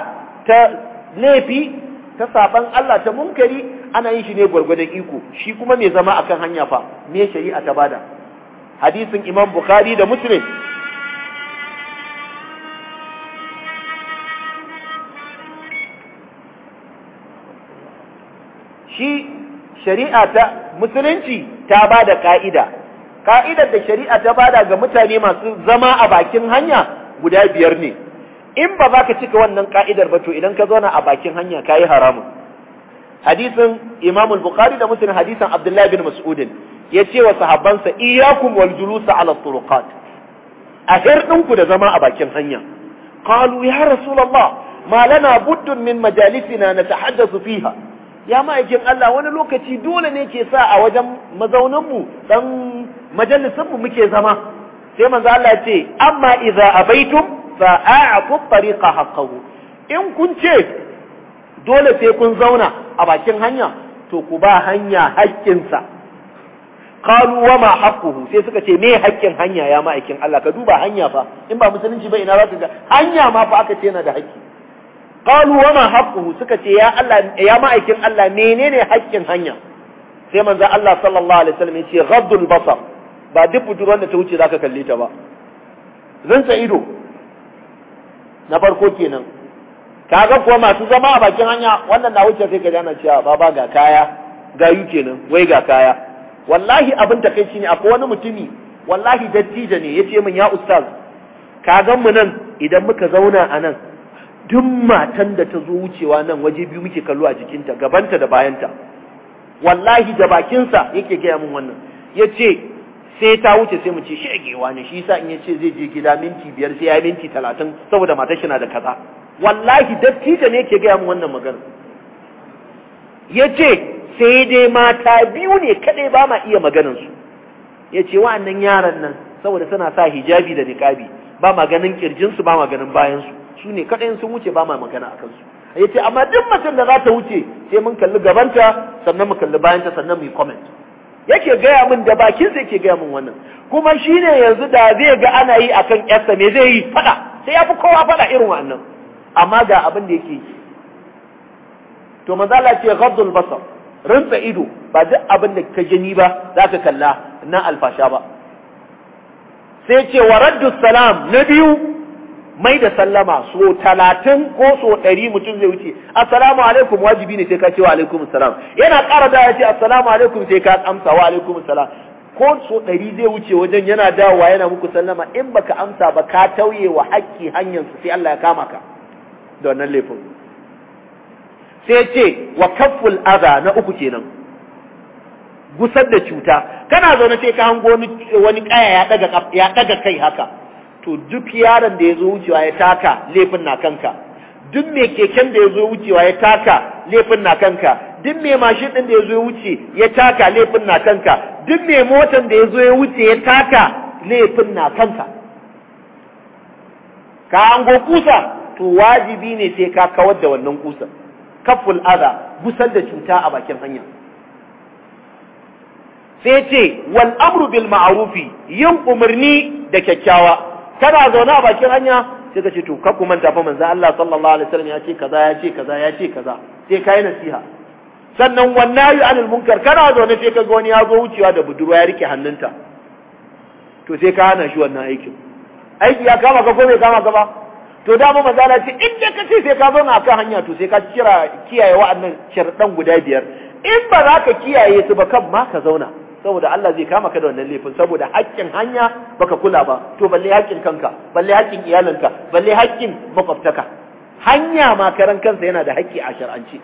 Speaker 1: ta laifi ta saban Allah ta munkari ana yin shi ne gwargwadon iko shi kuma mai zama akan hanya fa me shari'a ta bada hadisin Imam Bukhari da Muslim shi shari'a ta musulunci ta bada ka'ida ka'idar da shari'a ta bada ga mutane masu zama a bakin hanya guda biyar ne in ba za ka cika wannan ka'idar ba to idan ka zauna a bakin hanya ka yi haramun hadisin imam bukhari da muslim hadisin abdullahi bin mas'udin ya ce wa sahabbansa iyakum wal julusa ala turuqat a ku da zama a bakin hanya qalu ya rasulullah ma lana buddun min majalisina natahaddathu fiha ya ma'aikin Allah wani lokaci dole ne ke sa a wajen mu dan majalisinmu muke zama sai manzo Allah ya ce amma idza abaitum fa'a'tu tariqa haƙaru in kun ce dole sai kun zauna a bakin hanya to ku ba hanya haƙƙinsa qalu wa ma haqquhu sai suka ce me haƙƙin hanya ya ma'aikin Allah ka duba hanya fa in ba musulunci ba ina zaka ga hanya ma fa aka ce yana da haƙƙi qalu wa ma haqquhu suka ce ya Allah ya ma'aikin Allah menene haƙƙin hanya sai manzo Allah sallallahu alaihi wasallam ya ce ghaddul basar ba duk budurwar da ta wuce za ka kalle ta ba zan sa ido na farko kenan kaga kuwa masu zama a bakin hanya wannan na wuce sai ka jana cewa baba ga kaya gayu kenan wai ga kaya wallahi abin takaici ne akwai wani mutumi wallahi dattijo ne yace min ya ustaz kagan mu nan idan muka zauna a nan duk matan da ta zo wucewa nan waje biyu muke kallo a jikinta gabanta da bayanta wallahi da bakinsa yake gaya mun wannan yace sai ta wuce sai mu ce shi agewa ne shi yasa in ya ce zai je gida minti biyar sai ya minti talatin saboda matar shi na da kaza wallahi dattijo ne ke gaya mu wannan magana yace sai dai mata biyu ne kadai ba ma iya maganar su. yace wa'annan yaran nan saboda suna sa hijabi da niqabi ba ma ganin su ba ma ganin bayansu su ne kadai sun wuce ba ma magana a su ya ce amma duk macen da za ta wuce sai mun kalli gabanta sannan mu kalli bayanta sannan mu yi comment yake gaya min da bakin sa yake gaya min wannan kuma shine yanzu da zai ga ana yi akan yarsa me zai yi fada sai ya fi kowa fada irin wannan amma ga abin da yake yi to manzo ce ghadul basar ido ba duk abin da ka gani ba zaka kalla na alfasha ba sai ce wa raddu salam na biyu mai da sallama so talatin ko so ɗari mutum zai wuce assalamu alaikum wajibi ne sai ka ce wa alaikum salam yana ƙara da ya ce assalamu alaikum sai ka amsa wa alaikum salam ko so ɗari zai wuce wajen yana dawowa yana muku sallama in baka amsa ba ka tauye wa hakki hanyar su sai Allah ya kama ka da wannan laifin sai ce wa kafful aza na uku kenan gusar da cuta kana zaune sai ka hango wani kaya ya ɗaga kai haka to duk yaron da ya zo wucewa ya taka laifin na kanka duk mai keken da ya zo wucewa ya taka laifin na kanka duk mai mashin ɗin da ya zo wuce ya taka laifin na kanka duk mai motan da ya zo ya wuce ya taka laifin na kanka ka ango kusa to wajibi ne sai ka kawar da wannan kusa kaful aza gusar da cuta a bakin hanya sai ce wal amru bil ma'rufi yin umarni da kyakkyawa tana zaune a bakin hanya sai ka ce to ka ku manta fa manzo Allah sallallahu alaihi wasallam ya ce kaza ya ce kaza ya ce kaza sai kai nasiha sannan wallahi anil munkar kana zaune sai ka ga wani ya zo wucewa da budurwa ya rike hannunta to sai ka hana shi wannan aikin aiki ya kama ka ko bai kama ka ba to da mu manzo ce in da ce sai ka zauna kan hanya to sai ka kira kiyaye wa'annan sharɗan guda biyar in ba za ka kiyaye su ba kan ma ka zauna saboda Allah zai kama ka da wannan laifin saboda haƙƙin hanya baka kula ba to balle haƙƙin kanka balle haƙƙin iyalinka balle haƙƙin makwabtaka hanya ma karan kansa yana da haƙƙi a shar'anci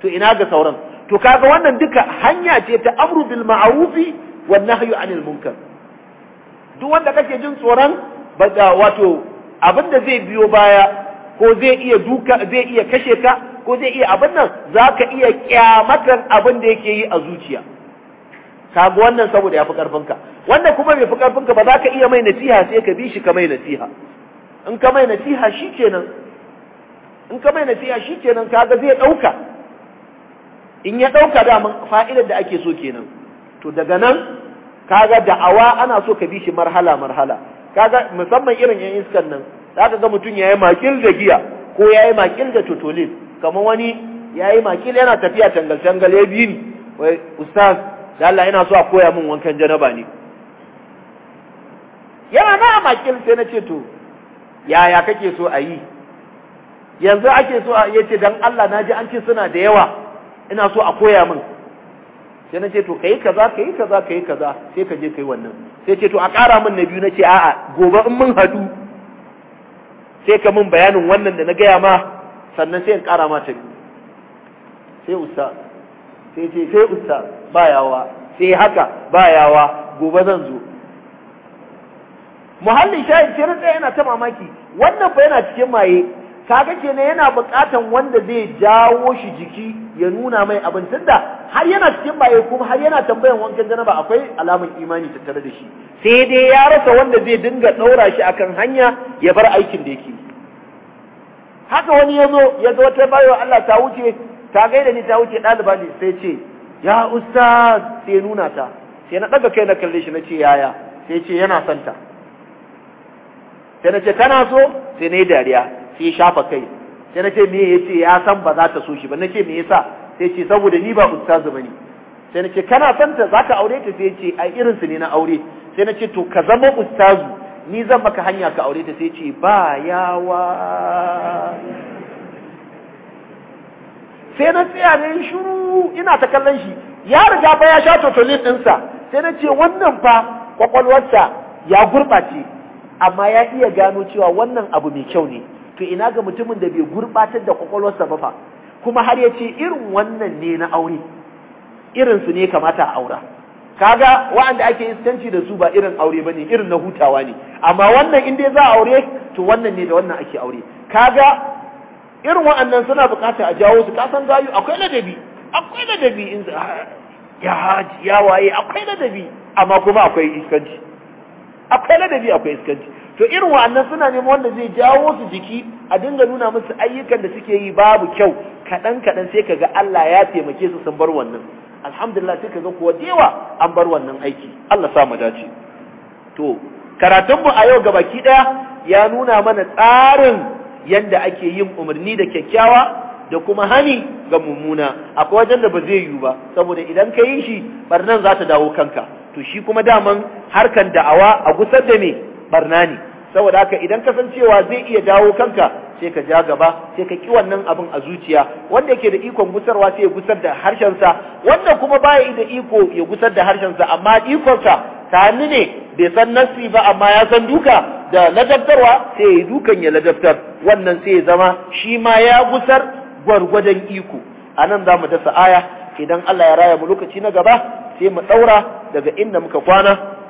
Speaker 1: to ina ga sauran to kaga wannan duka hanya ce ta amru bil ma'rufi wan nahyu anil munkar duk wanda kake jin tsoron wato abin da zai biyo baya ko zai iya duka zai iya kashe ka ko zai iya abin nan zaka iya kyamatar abin da yake yi a zuciya kaga wannan saboda ya fi ƙarfinka. wanda kuma bai fi ƙarfinka ba za ka iya mai nasiha sai ka bi shi ka mai nasiha in ka mai nasiha shi kenan in ka mai nasiha shi kaga zai ɗauka in ya ɗauka daman fa'idar da ake so kenan to daga nan kaga da'awa ana so ka bi shi marhala marhala kaga musamman irin yan iskan nan za ka ga mutum yayi makil da giya ko yayi makil da totolin kamar wani yayi makil yana tafiya tangal tangal ya bi ni wai ustaz da Allah yana so a koya min wankan janaba ne yana na makil sai na ce to yaya kake so a yi yanzu ake so yi ce dan Allah na ji an ce suna da yawa ina so a koya min sai na ce to kai kaza kai kaza kai kaza sai ka je kai wannan sai ce to a ƙara min na biyu na ce a'a gobe in mun hadu sai ka min bayanin wannan da na gaya ma sannan sai in ƙara ma ta biyu sai usta sai ce sai usta ba yawa sai eh, haka ba yawa gobe zan zo muhallin shayin sai ɗaya yana ta mamaki wannan fa yana cikin maye kaga kenan yana buƙatan wanda zai jawo shi jiki ya nuna mai abin tunda har yana cikin maye kuma har yana tambayan wankan janaba akwai alamar imani tattare da shi sai dai ya rasa wanda zai dinga ɗaura shi akan hanya ya bar aikin da yake haka wani ya zo ya ga wata bayo Allah ta wuce ta da ni ta wuce ɗaliba ne sai ce ya ustaz sai nuna ta sai na ɗaga kai na kalle shi na ce yaya sai ce yana son ta sai na ce kana so sai na yi dariya sai shafa kai sai na ce me ya ce ya san ba za ta so shi ba na ce me yasa sai ce saboda ni ba ustazu bane sai na ce kana son ta za ka aure ta sai ce a irin su ne na aure sai na ce to ka zama ustazu ni zan maka hanya ka aure ta sai ce ba yawa sai na tsaya na yi
Speaker 2: shuru
Speaker 1: ina ta kallon shi ya riga ba ya sha totolin ɗinsa sai na ce wannan fa kwakwalwarsa ya gurɓace amma ya iya gano cewa wannan abu mai kyau ne to ina ga mutumin da bai gurɓatar da kwakwalwarsa ba fa kuma har ya ce irin wannan ne na aure irinsu ne kamata a aura kaga wa'anda ake iskanci da su ba irin aure bane irin na hutawa ne amma wannan in dai za a aure to wannan ne da wannan ake aure kaga irin wa'annan suna bukata a jawo su kasan gayu akwai ladabi akwai ladabi in ya haji ya waye akwai ladabi amma kuma akwai iskanci akwai ladabi akwai iskanci to irin wa'annan suna neman wanda zai jawo su jiki a dinga nuna musu ayyukan da suke yi babu kyau kaɗan kaɗan sai kaga Allah ya taimake su sun bar wannan alhamdulillah sai kaga kuwa dewa an bar wannan aiki Allah sa mu dace to karatunmu a yau gabaki ɗaya ya nuna mana tsarin Yadda ake yin umarni da kyakkyawa da kuma hani ga mummuna akwai wajen da ba zai yiwu ba saboda idan ka yi shi barnan za ta dawo kanka to shi kuma daman harkan da'awa a gusar da me barna ne saboda haka idan ka san cewa zai iya dawo kanka sai ka ja gaba sai ka ki wannan abin a zuciya wanda yake da ikon gusarwa sai ya gusar da harshensa wanda kuma baya da iko ya gusar da harshensa amma ikonsa ta hannu ne bai san nasi ba amma ya san duka da ladabtarwa sai ya yi dukan ya ladabtar wannan sai ya zama shi ma ya gusar gwargwadon iko a nan za mu dasa aya idan Allah ya raya mu lokaci na gaba sai mu ɗaura daga inda muka kwana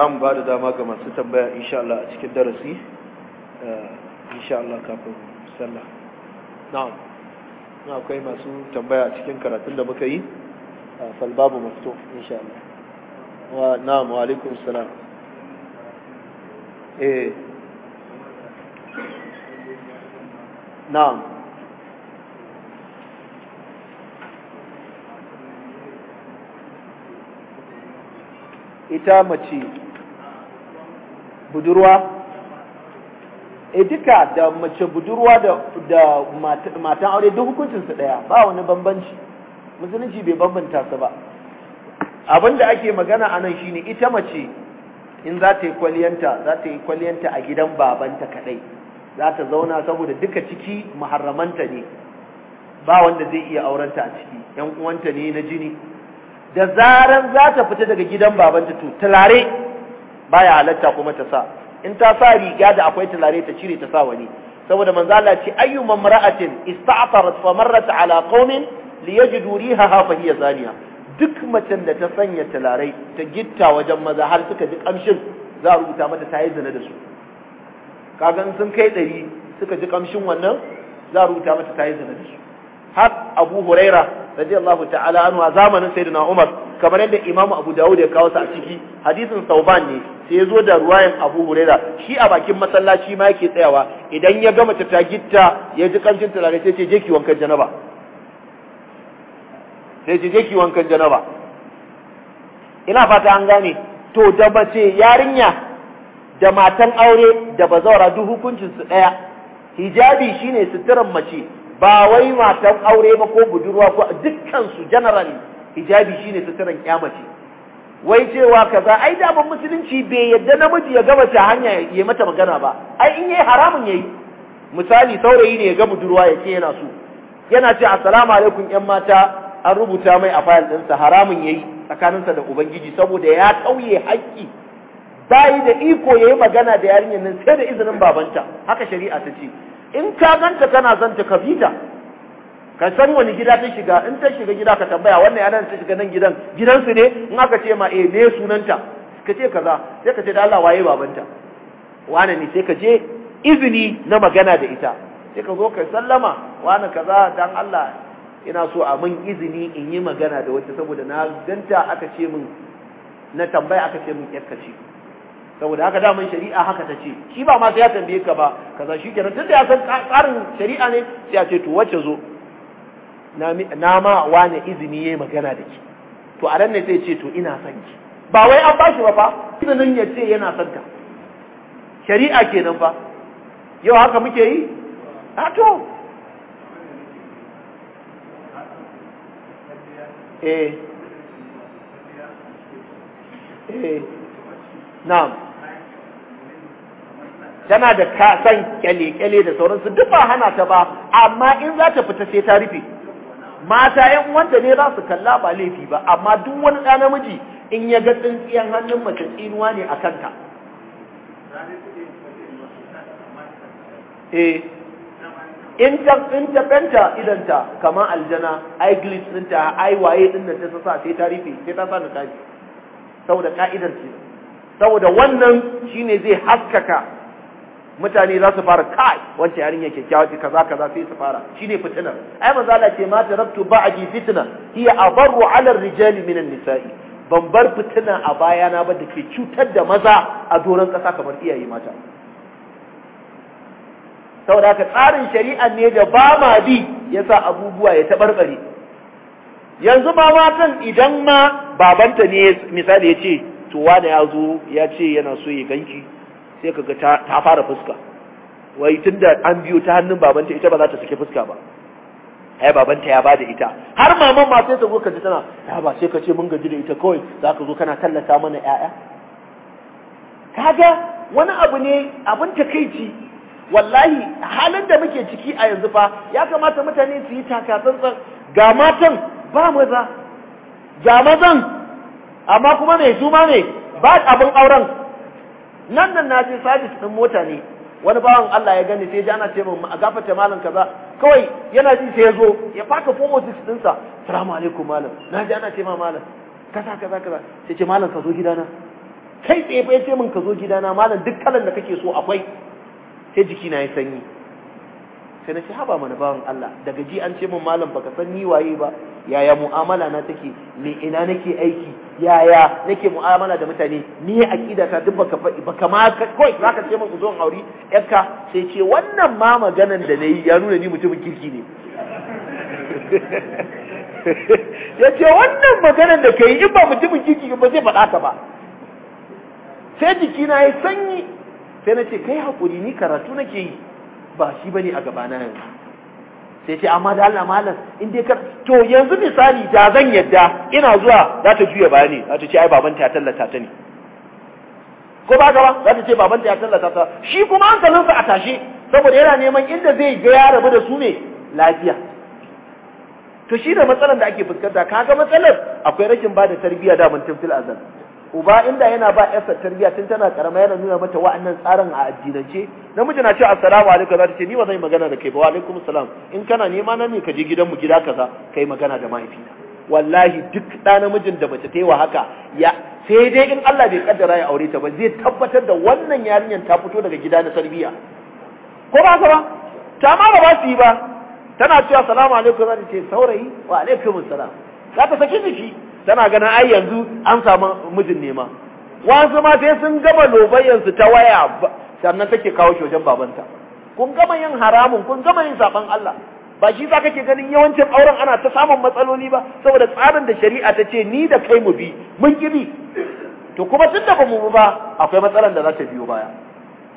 Speaker 1: za mu ba da dama ga masu tambaya insha Allah a cikin darasi eh, insha Allah kafin sallah na'am na akwai masu tambaya a cikin karatun da muka yi fal babu mafto insha Allah wa na'am wa alaikum salam eh na'am ita mace budurwa e duka da mace budurwa da matan aure duk hukuncin su daya ba wani bambanci musulunci bai bambanta su ba Abin da ake magana anan shine ita mace in za ta yi kwaliyanta za ta yi kwaliyanta a gidan babanta kadai za ta zauna saboda duka ciki muharramanta ne ba wanda zai iya aurenta a ciki yan uwanta ne na jini da zaran za ta fita daga gidan babanta to talare baya halatta kuma ta sa in ta sa riga da akwai tulare ta cire ta sa wani saboda manzo Allah ce ayyu mamra'atin ista'tarat fa marrat ala qaumin liyajidu rihaha fa hiya zaniya duk macen da ta sanya tularai ta gitta wajen maza har suka ji kamshin za a rubuta mata ta yi zina da su kagan sun kai ɗari suka ji kamshin wannan za a rubuta mata ta yi zina da su har abu huraira radiyallahu ta'ala anhu a zamanin sayyidina umar kamar yadda imam abu dawud ya kawo sa a ciki hadisin sauban ne sai ya zo da ruwayan abu hurera shi a bakin masallaci ma yake tsayawa idan ya gama ta tagitta ya ji kancin turare sai ce je ki wankan janaba sai ce je ki wankan janaba ina fata an gane to da mace yarinya da matan aure da bazawara duk hukuncin su daya hijabi shine suturan mace ba wai matan aure ba ko budurwa ko dukkan su generally hijabi shine suturan kyamace wai cewa kaza ai da ban musulunci bai yadda namiji ya gaba ta hanya ya mata magana ba ai in yayi haramun yayi misali saurayi ne ya ga budurwa ya ce yana so yana ce assalamu alaikum yan mata an rubuta mai a fayil ɗinsa haramun yayi tsakaninsa da ubangiji saboda ya tauye haƙƙi bayi da iko yayi magana da yarinyar nan sai da izinin babanta haka shari'a ta ce in ka ganta kana zanta ka ka san wani gida ta shiga in ta shiga gida ka tambaya wannan yaran ta shiga nan gidan gidansu ne in aka ce ma eh ne sunanta ka ce kaza sai ka ce da Allah waye babanta wane ne sai ka je izini na magana da ita sai ka zo ka sallama wane kaza dan Allah ina so a mun izini in yi magana da wacce saboda na ganta aka ce min na tambaya aka ce min yarka ce saboda haka daman shari'a haka ta ce shi ba ma sai ya tambaye ka ba kaza shikenan tunda ya san tsarin shari'a ne sai ya ce to wacce zo na ma wane izini yayi magana da ki to a ran ne ce to ina son ki ba wai an bashi ba fa izinin ya ce yana son ka shari'a kenan fa yau haka muke yi a to eh eh na'am tana da kasan kyale-kyale da sauransu duk ba hana ta ba amma in za ta fita sai ta rufe mata yan wanda ne za su kalla ba laifi ba amma duk wani ɗa namiji in ya ga tsintsiyan hannun mace tsinuwa ne a kanta eh in ta in ta idanta kamar aljana ai glitch din ta ai waye din da ta sa sai ta rufe sai ta sa saboda ka'idar saboda wannan shine zai haskaka mutane za su fara kai wancan yarinya kyakkyawa ce kaza kaza sai su fara shine fitina ai manzo Allah ce ma tarabtu ba'di fitna hiya iya 'ala ar-rijali min an-nisa'i ban bar fitina a baya na ba dake cutar da maza a doron kasa kamar iyaye mata saboda haka tsarin shari'a ne da ba ma bi yasa abubuwa ya tabarbare yanzu ma matan idan ma babanta ne misali yace ce to wani ya zo ya ce yana so ya ganki sai kaga ta fara fuska wai tunda an biyo ta hannun babanta ita ba za ta sake fuska ba ai babanta ya bada ita har maman ma sai ta zo kaji tana ya ba sai ka ce mun gaji da ita kawai za ka zo kana tallata mana ƴaƴa kaga wani abu ne abin takeici wallahi halin da muke ciki a yanzu fa ya kamata mutane su yi taka tsantsan ga matan ba maza ga mazan amma kuma mai zuma ma ne ba abin auren nan nan na je sabis din mota ne wani bawan Allah ya gani sai ji ana ce a gafata malam kaza kawai yana ji sai ya zo ya faka fomo su din sa assalamu alaikum malam na ji ana ce ma malam kaza kaza kaza sai ce malam ka zo gidana kai tsaye fa yace min ka zo gidana malam duk kalan da kake so akwai sai jiki na ya sanyi sai na ce haba mana bawan Allah daga ji an ce min malam baka san ni waye ba yaya mu'amala na take me ina nake aiki yaya nake mu'amala da mutane ni aqida ta duk baka baka ma kai zaka ce musu zon aure yakka sai ce wannan ma maganan da nayi ya nuna ni mutumin kirki ne (laughs) ce wannan maganan da kai in ba mutumin kirki ba zai faɗa ka ba sai jikina ya sanyi sai na ce kai hakuri ni karatu nake yi ba shi bane a gabana yanzu sai ce amma da Allah malam in dai ka to yanzu misali ta zan yadda ina zuwa za ta juya bayani za ta ce ai babanta ya tallata ta ne ko ba ba za ta ce babanta ya tallata ta shi kuma an sa a tashe saboda yana neman inda zai ga ya rabu da su ne lafiya to shi da matsalar da ake fuskanta kaga matsalar akwai rashin ba da tarbiyya da mun tafsil azan uba inda yana ba yarsa tarbiyya tun tana karama yana nuna mata wa'annan tsarin a addinance namiji na ce assalamu alaikum za ta ce ni ba zan yi magana da kai ba wa alaikum salam in kana nema na ne ka je gidan mu gida kaza kai magana da mahaifina wallahi duk ɗa namijin da mace ta yi wa haka ya sai dai in Allah bai kaddara ya aure ta ba zai tabbatar da wannan yarinyar ta fito daga gida na tarbiyya ko ba ka ba ta ma ba su yi ba tana cewa salamu alaikum za ta ce saurayi wa alaikum salam za ta saki jiki tana ganin ai yanzu an samu mijin nema wasu ma sai sun gama lobayyansu ta waya sannan take kawo shi wajen babanta kun gama yin haramun kun gama yin saban Allah ba shi za kake ganin yawancin auren ana ta samun matsaloli ba saboda tsarin da shari'a ta ce ni da kai mu bi mun kiri to kuma tun da ba mu ba akwai matsalar da za ta biyo baya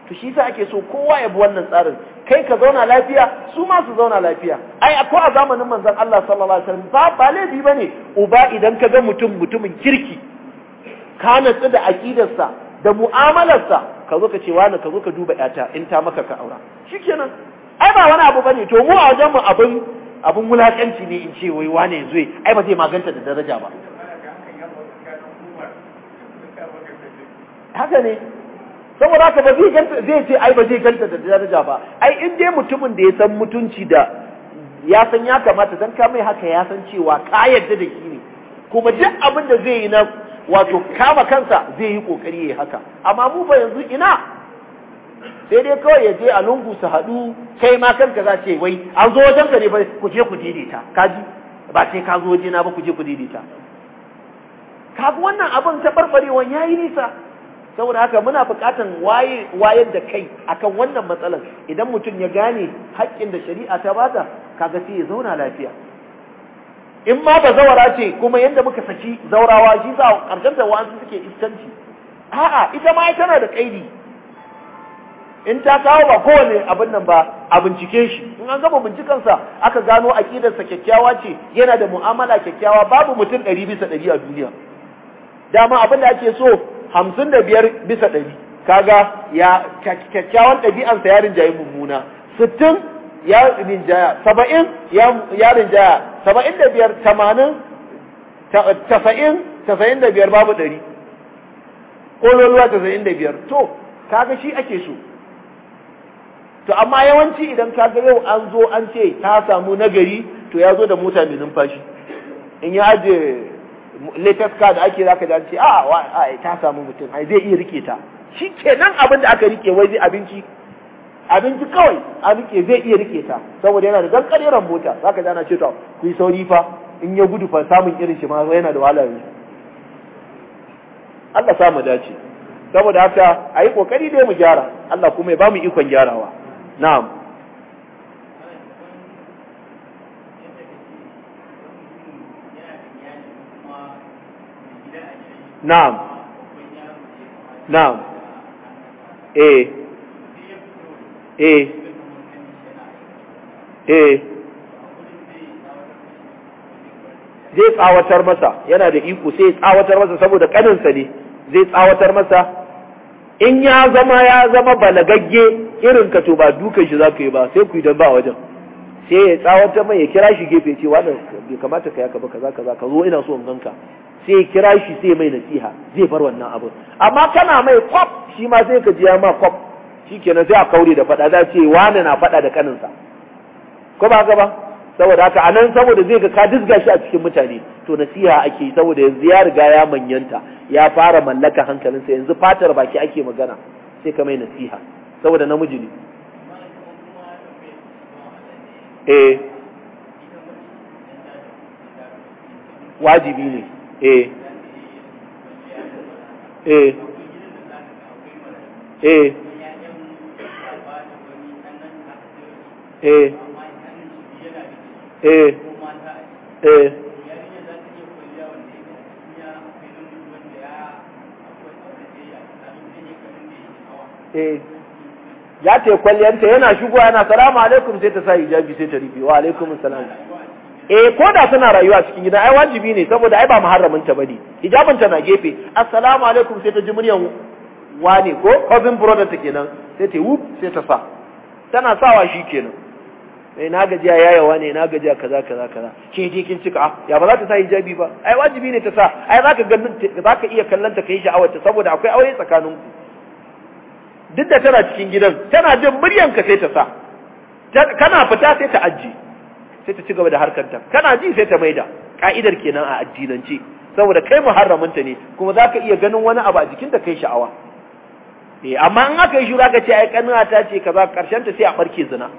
Speaker 1: to shi ake so kowa ya bi wannan tsarin kai ka zauna lafiya su ma su zauna lafiya ai akwai a zamanin manzon Allah sallallahu alaihi wasallam ba ba laifi bane uba idan ka ga mutum mutumin kirki ka natsu da aqidarsa da mu'amalarsa ka zo ka ce wani ka zo ka duba yata in ta maka ka aura shikenan ai ba wani abu bane to mu a wajen mu abin abin wulakanci ne in ce wai wani yanzu ai ba zai maganta da daraja ba haka ne saboda haka ba zai ganta zai ce ai ba zai ganta da daraja ba ai in dai mutumin da ya san mutunci da ya san ya kamata dan ka mai haka ya san cewa ka yarda da shi ne kuma duk abin da zai yi na wato kama kansa zai yi kokari yayi haka amma mu ba yanzu ina sai dai kawai ya je a lungu su haɗu kai ma kanka za ce wai an zo wajen ka ne ba ku je ku daidaita kaji ba sai ka zo wajena ba ku je ku daidaita kaga wannan abin ta ya yayi nisa saboda haka muna waye wayar da kai akan wannan matsalar idan mutum ya gane haƙƙin da shari'a ta bata kaga sai ya zauna lafiya in ma ba zawara ce kuma yadda muka saki zaurawa shi sa ƙarshen da wa'ansu suke iskanci a'a ita ma tana da kaidi in ta kawo ba kowane abin nan ba a bincike shi in an gama bincikansa aka gano aƙidarsa kyakkyawa ce yana da mu'amala kyakkyawa babu mutum ɗari bisa ɗari a duniya dama abin da ake so hamsin da biyar bisa ɗari kaga ya kyakkyawan sa ya rinjaye mummuna sittin ya rinjaya saba'in ya rinjaya saba'in da biyar tamanin tasa'in tasa'in da biyar babu ɗari ƙololuwa tasa'in da biyar to kaga shi ake so to amma yawanci idan kaga yau an zo an ce ta samu nagari to ya zo da mota mai numfashi in ya ajiye. latest card ake zaka ka ce a a ta samu mutum ai zai iya rike ta nan abin da aka rike wai zai abinci abinci kawai a rike zai iya rike ta saboda yana da gankareran mota zaka ka dana ce to ku yi sauri fa in ya gudu fa samun irin shi ma yana da wahala yanzu Allah samu dace saboda haka ayi kokari dai mu gyara Allah kuma ya bamu ikon gyarawa na'am نعم نعم ايه ايه ايه zai tsawatar masa yana da iko sai tsawatar masa saboda kaninsa ne zai tsawatar masa in ya zama ya zama balagagge irin ka to ba dukan shi za ka yi ba sai ku yi don ba wajen sai ya tsawatar mai ya kira shi gefe ce wannan bai kamata ka yaka ba kaza kaza ka zo ina so in ganka sai ya kira shi sai mai nasiha zai bar wannan abu amma kana mai kwaf shi ma sai ka ji ya ma kwaf shikenan sai a kaure da fada za ce wani na fada da kaninsa ko ba haka ba saboda haka anan saboda zai ga ka dizga shi a cikin mutane to nasiha ake saboda yanzu ya riga ya manyanta ya fara mallaka hankalinsa yanzu fatar baki ake magana sai ka mai nasiha saboda namiji ne eh wajibi ne Eh. eh eh eh eh
Speaker 2: eh
Speaker 1: eh ya ce kwalliyarta yana shigowa yana salamu alaikum sai ta sa hijabi sai ta rufe wa alaikum salam eh ko da suna rayuwa cikin gida ai wajibi ne saboda ai ba muharramin ta bane hijabin ta na gefe assalamu alaikum sai ta ji muryan wani ko cousin brother ta kenan sai ta wup sai ta sa tana sawa shi kenan eh na gajiya yaya wani na gajiya kaza kaza kaza ke je kin cika ah, ya ba za ta sa hijabi ba ai wajibi ne ta sa ai zaka ga zaka iya kallon ta kai sha'awar ta saboda akwai aure tsakanin ku duk da tana cikin gidan tana jin muryan ka sai ta sa kana fita sai ta ajiye sai ta ci gaba da harkanta kana ji sai ta maida ka'idar kenan a addinance saboda kai muharraminta ne kuma za ka iya ganin wani abu a jikin jikinta kai sha'awa eh amma in aka yi shura ka ce ai kanuwa ta ce kaza karshen ta sai a barke zina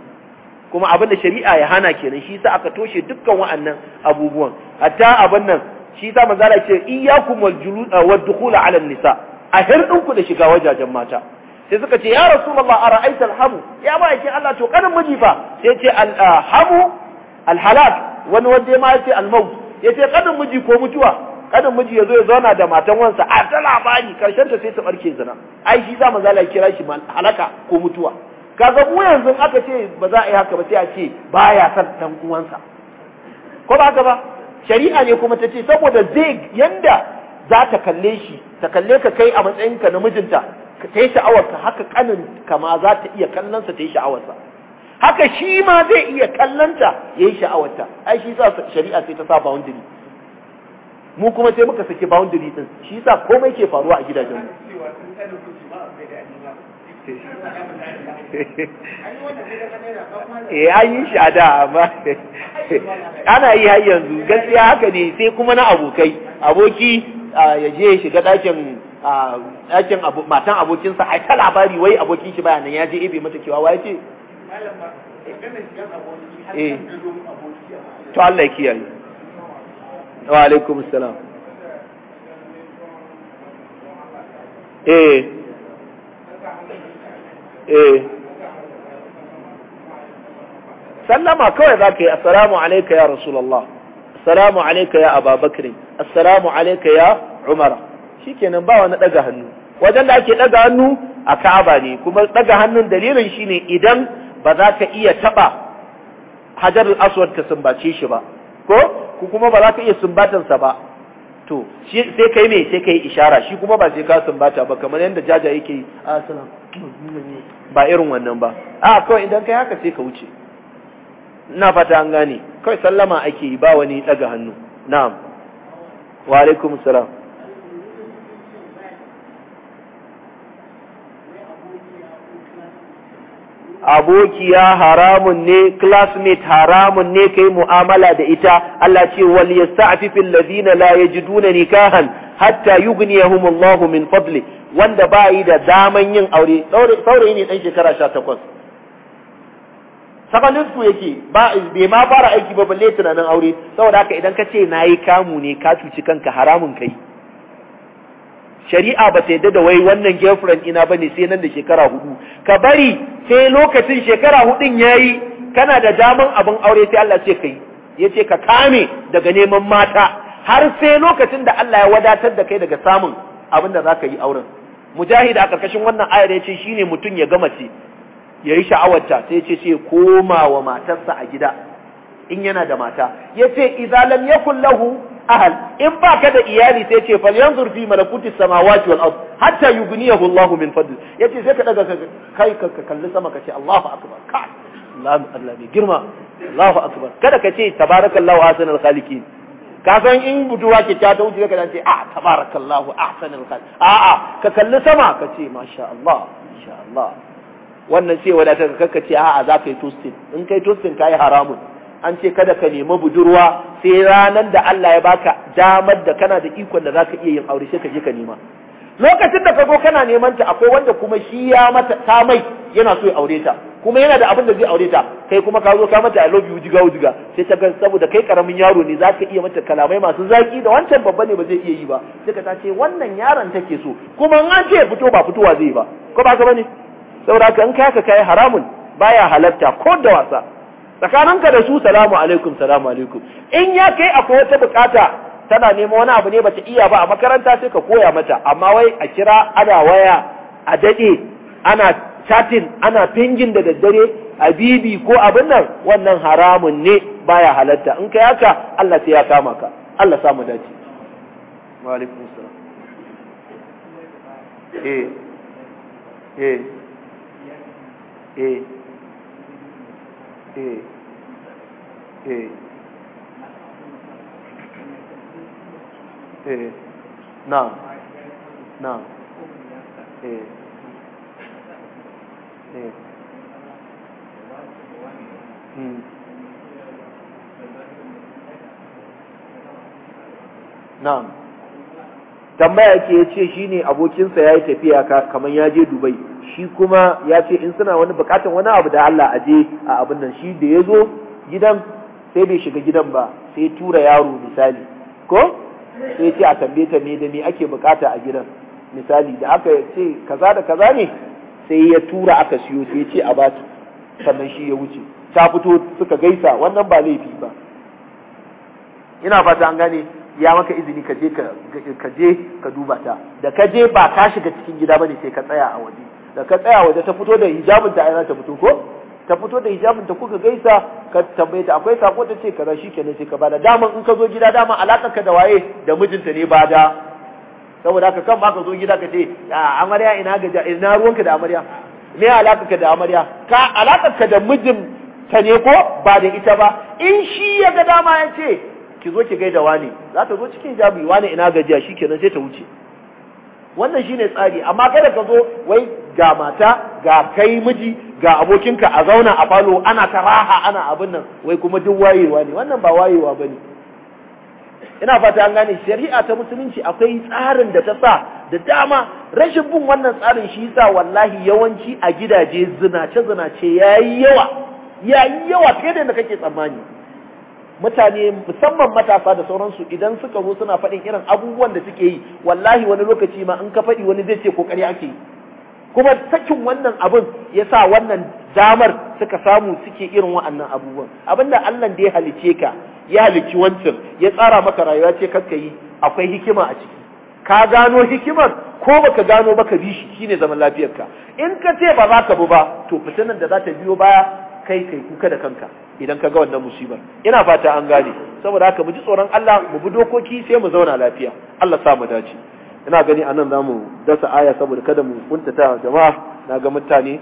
Speaker 1: kuma abin da shari'a ya hana kenan shi yasa aka toshe dukkan wa'annan abubuwan hatta abin nan shi yasa manzo Allah ce iyyakum wal julud eh, dukhul ala nisa a hirdin ku da shiga wajajen mata sai suka ce ya rasulullah ara'aita al hamu ya ba yake Allah to kanin miji fa sai ce al eh, hamu alhalak wani wanda ya ma ya ce almaut ya ce kadin miji ko mutuwa kadin miji ya zo ya zauna da matan wansa a ta labari karshen ta sai ta barke zina ai shi za mu zala kira shi halaka ko mutuwa kaga mu yanzu aka ce ba za a yi haka ba sai a ce baya son dan uwansa ko ba haka ba shari'a ne kuma ta ce saboda zai yanda za ta kalle shi ta kalle ka kai a matsayinka na mijinta ta yi sha'awarsa haka kanin kama za ta iya kallonsa ta yi sha'awarsa haka shi ma zai iya kallanta ya yi sha'awarta ai shi sa shari'a sai ta sa boundary mu kuma sai muka saki boundary din shi sa komai ke faruwa a gidajen mu
Speaker 2: eh an yi shi a da amma ana yi har
Speaker 1: yanzu gaskiya haka ne sai kuma na abokai aboki ya je ya shiga ɗakin matan abokinsa a ta labari wai abokin shi bayanan ya je ebe mata kewa ya ce
Speaker 2: Eh, eh. to Allah ya kiyaye wa alaikum salam eh eh
Speaker 1: sallama kawai za ka yi assalamu alaika ya rasulallah assalamu alaika ya ababakar assalamu alaika ya umara shikenan ba wani daga hannu wajen da ake daga hannu a ka'aba ne kuma daga hannun dalilin shine idan ba za ka iya taɓa hajar aswad ka sumbace shi ba ko kuma ba za ka iya sumbatansa ba to sai kai me sai kai ishara shi kuma ba sai ka sumbata ba kamar yadda jaja yake yi ah, ba irin wannan ba a kawai idan kai haka sai ka wuce na fata an gane kawai sallama ake yi ba wani daga hannu na'am wa alaikum salam abokiya haramun ne classmate haramun ne kai mu'amala da ita Allah ce wal yasta'fifil ladina la yajiduna nikahan hatta yughniyahum Allah min fadli wanda ba yi da daman yin aure saurayi ne dan shekara 18 secondary su yake ba bai ma fara aiki ba balle tunanin aure saboda haka idan ka ce nayi kamu ne ka cuci kanka haramun kai shari'a ba ta yadda da wai wannan girlfriend ina ba bane sai nan da shekara hudu ka bari sai lokacin shekara hudun yayi kana da daman abin aure sai Allah ce kai yace ka kame daga neman mata har sai lokacin da Allah ya wadatar da kai daga samun abin da zaka yi auren mujahid a karkashin wannan ayar yace shine mutum ya gama ce yayi sha'awarta sai yace sai koma wa matarsa a gida in yana da mata yace ce lam yakul lahu ahal in ba ka da iyali sai ce fal yanzur fi malakuti samawati wal ard hatta yughniyahu Allah min fadli yace sai ka daga kai ka kalli sama ka ce Allahu akbar ka Allah Allah ne girma Allahu akbar kada ka ce tabarakallahu ahsanul khaliqin ka san in buduwa ke ta ta wuce ka ce a ah, tabarakallahu ahsanul khaliq a a ka kalli sama ka ce masha Allah masha Allah wannan sai wadatar ka ce a'a za ka yi toasting in kai toasting kai haramun an ce kada ka nemi budurwa sai ranar da Allah ya baka damar da kana da ikon da zaka iya yin aure sai ka je ka nema lokacin da ka zo kana neman ta akwai wanda kuma shi ya mata ta mai yana so ya aure ta kuma yana da abin da zai aure ta kai kuma ka zo ka mata I love you jiga jiga sai ta ga saboda kai karamin yaro ne zaka iya mata kalamai masu zaki da wancan babba ne ba zai iya yi ba sai ka ta ce wannan yaron take so kuma in an ce fito ba fitowa zai yi ba ko ba ka bane saboda haka in ka ka kai haramun baya halatta ko da wasa tsakaninka da su salamu alaikum salamu alaikum in ya kai akwai wata bukata tana neman wani abu ne bata iya ba a makaranta sai ka koya mata amma wai a kira ana waya a dade ana chatting ana pingin da daddare a bibi ko abin nan wannan haramun ne baya halatta in kai haka Allah sai ya kama ka Allah samu dace wa alaikum salam eh eh eh Eh. Eh.
Speaker 2: Eh. eh eh hmm
Speaker 1: tambaya ke ce shine abokinsa ya yi tafiya kamar ya je dubai shi kuma ya ce in suna wani bukatan wani abu da Allah a je a abin nan shi da ya zo gidan sai bai shiga gidan ba sai tura yaro misali ko sai ce a tambaye ta me da me ake bukata a gidan misali da aka ce kaza da kaza ne sai ya tura aka siyo sai ce a ba sannan shi ya wuce ta fito suka gaisa wannan ba laifi ba ina fata an gane ya maka izini ka ka ka duba ta da ka je ba ka shiga cikin gida bane sai ka tsaya a waje da ka tsaya waje ta fito da hijabin ta aina ta fito ko ta fito da hijabin ta kuka gaisa ka tambaye ta akwai sako ta ce kaza shikenan sai ka bada dama in ka zo gida dama alakar ka da waye da mijinta ne bada saboda haka kan ma ka zo gida ka ce amarya ina ga ina ruwanka da amarya me alakar ka da amarya ka alakar ka da mijin ta ne ko ba da ita ba in shi ya ga dama ya ce ki zo ki gaida wani za ta zo cikin jabi wani ina gajiya shikenan sai ta wuce wannan shine tsari amma kada ka zo wai ga mata ga kai miji ga abokinka a zauna a falo ana ta raha ana abin nan wai kuma duk wayewa ne wannan ba wayewa ba ne ina fata an gane shari'a ta musulunci akwai tsarin da ta sa da dama rashin bin wannan tsarin shi yasa wallahi yawanci a gidaje zinace zinace yayi yawa yayi yawa fiye da yadda kake tsammani mutane musamman matasa da sauransu idan suka zo suna faɗin irin abubuwan da suke yi wallahi wani lokaci ma in ka faɗi wani zai ce kokari ake yi kuma sakin wannan abin ya sa wannan damar suka samu suke irin wa'annan abubuwan abinda Allah da ya halice ka ya halici wancan ya tsara maka rayuwa ce kanka yi akwai hikima a ciki ka gano hikimar ko baka gano ba ka bi shi shine zaman lafiyarka in ka ce ba za ka bi ba to fitinan da za ta biyo baya kai kai kuka da kanka idan ka ga wannan musibar ina fata an gane saboda haka mu ji tsoron Allah mu bi dokoki sai mu zauna lafiya Allah sa mu dace ina gani a nan za mu dasa aya saboda kada mu kuntata jama'a na ga mutane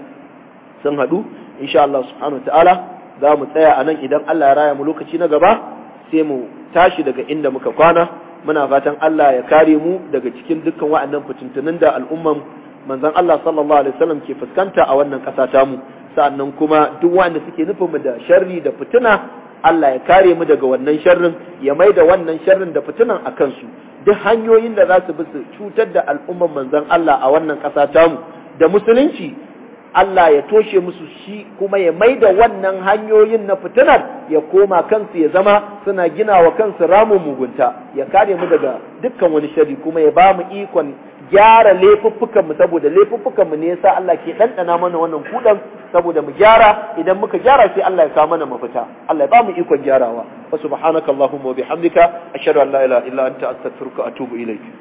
Speaker 1: sun haɗu insha Allah subhanahu wa ta'ala za mu tsaya a nan idan Allah ya raya mu lokaci na gaba sai mu tashi daga inda muka kwana muna fatan Allah ya kare mu daga cikin dukkan wa'annan fitintunan da al'umman manzon Allah sallallahu alaihi wasallam ke fuskanta a wannan ƙasa ta mu sa'annan kuma duk wanda suke nufin mu da sharri da fitina Allah ya kare mu daga wannan sharrin ya mai da wannan sharrin da fitinan a kansu duk hanyoyin da za su bi su cutar da al'ummar manzon Allah a wannan ƙasa tamu da musulunci Allah ya toshe musu shi kuma ya mai da wannan hanyoyin na fitinar ya koma kansu ya zama suna gina wa kansu ramun mugunta ya kare mu daga dukkan wani shari kuma ya ba mu ikon gyara laifuffukanmu mu saboda laifuffukanmu mu ne yasa Allah ke ɗanɗana mana wannan kuɗan saboda mu gyara idan muka gyara sai Allah ya sa mana mafita Allah ya ba mu ikon gyarawa wa subhanaka allahumma wa bihamdika ashhadu an la ilaha illa anta astaghfiruka wa atubu ilaik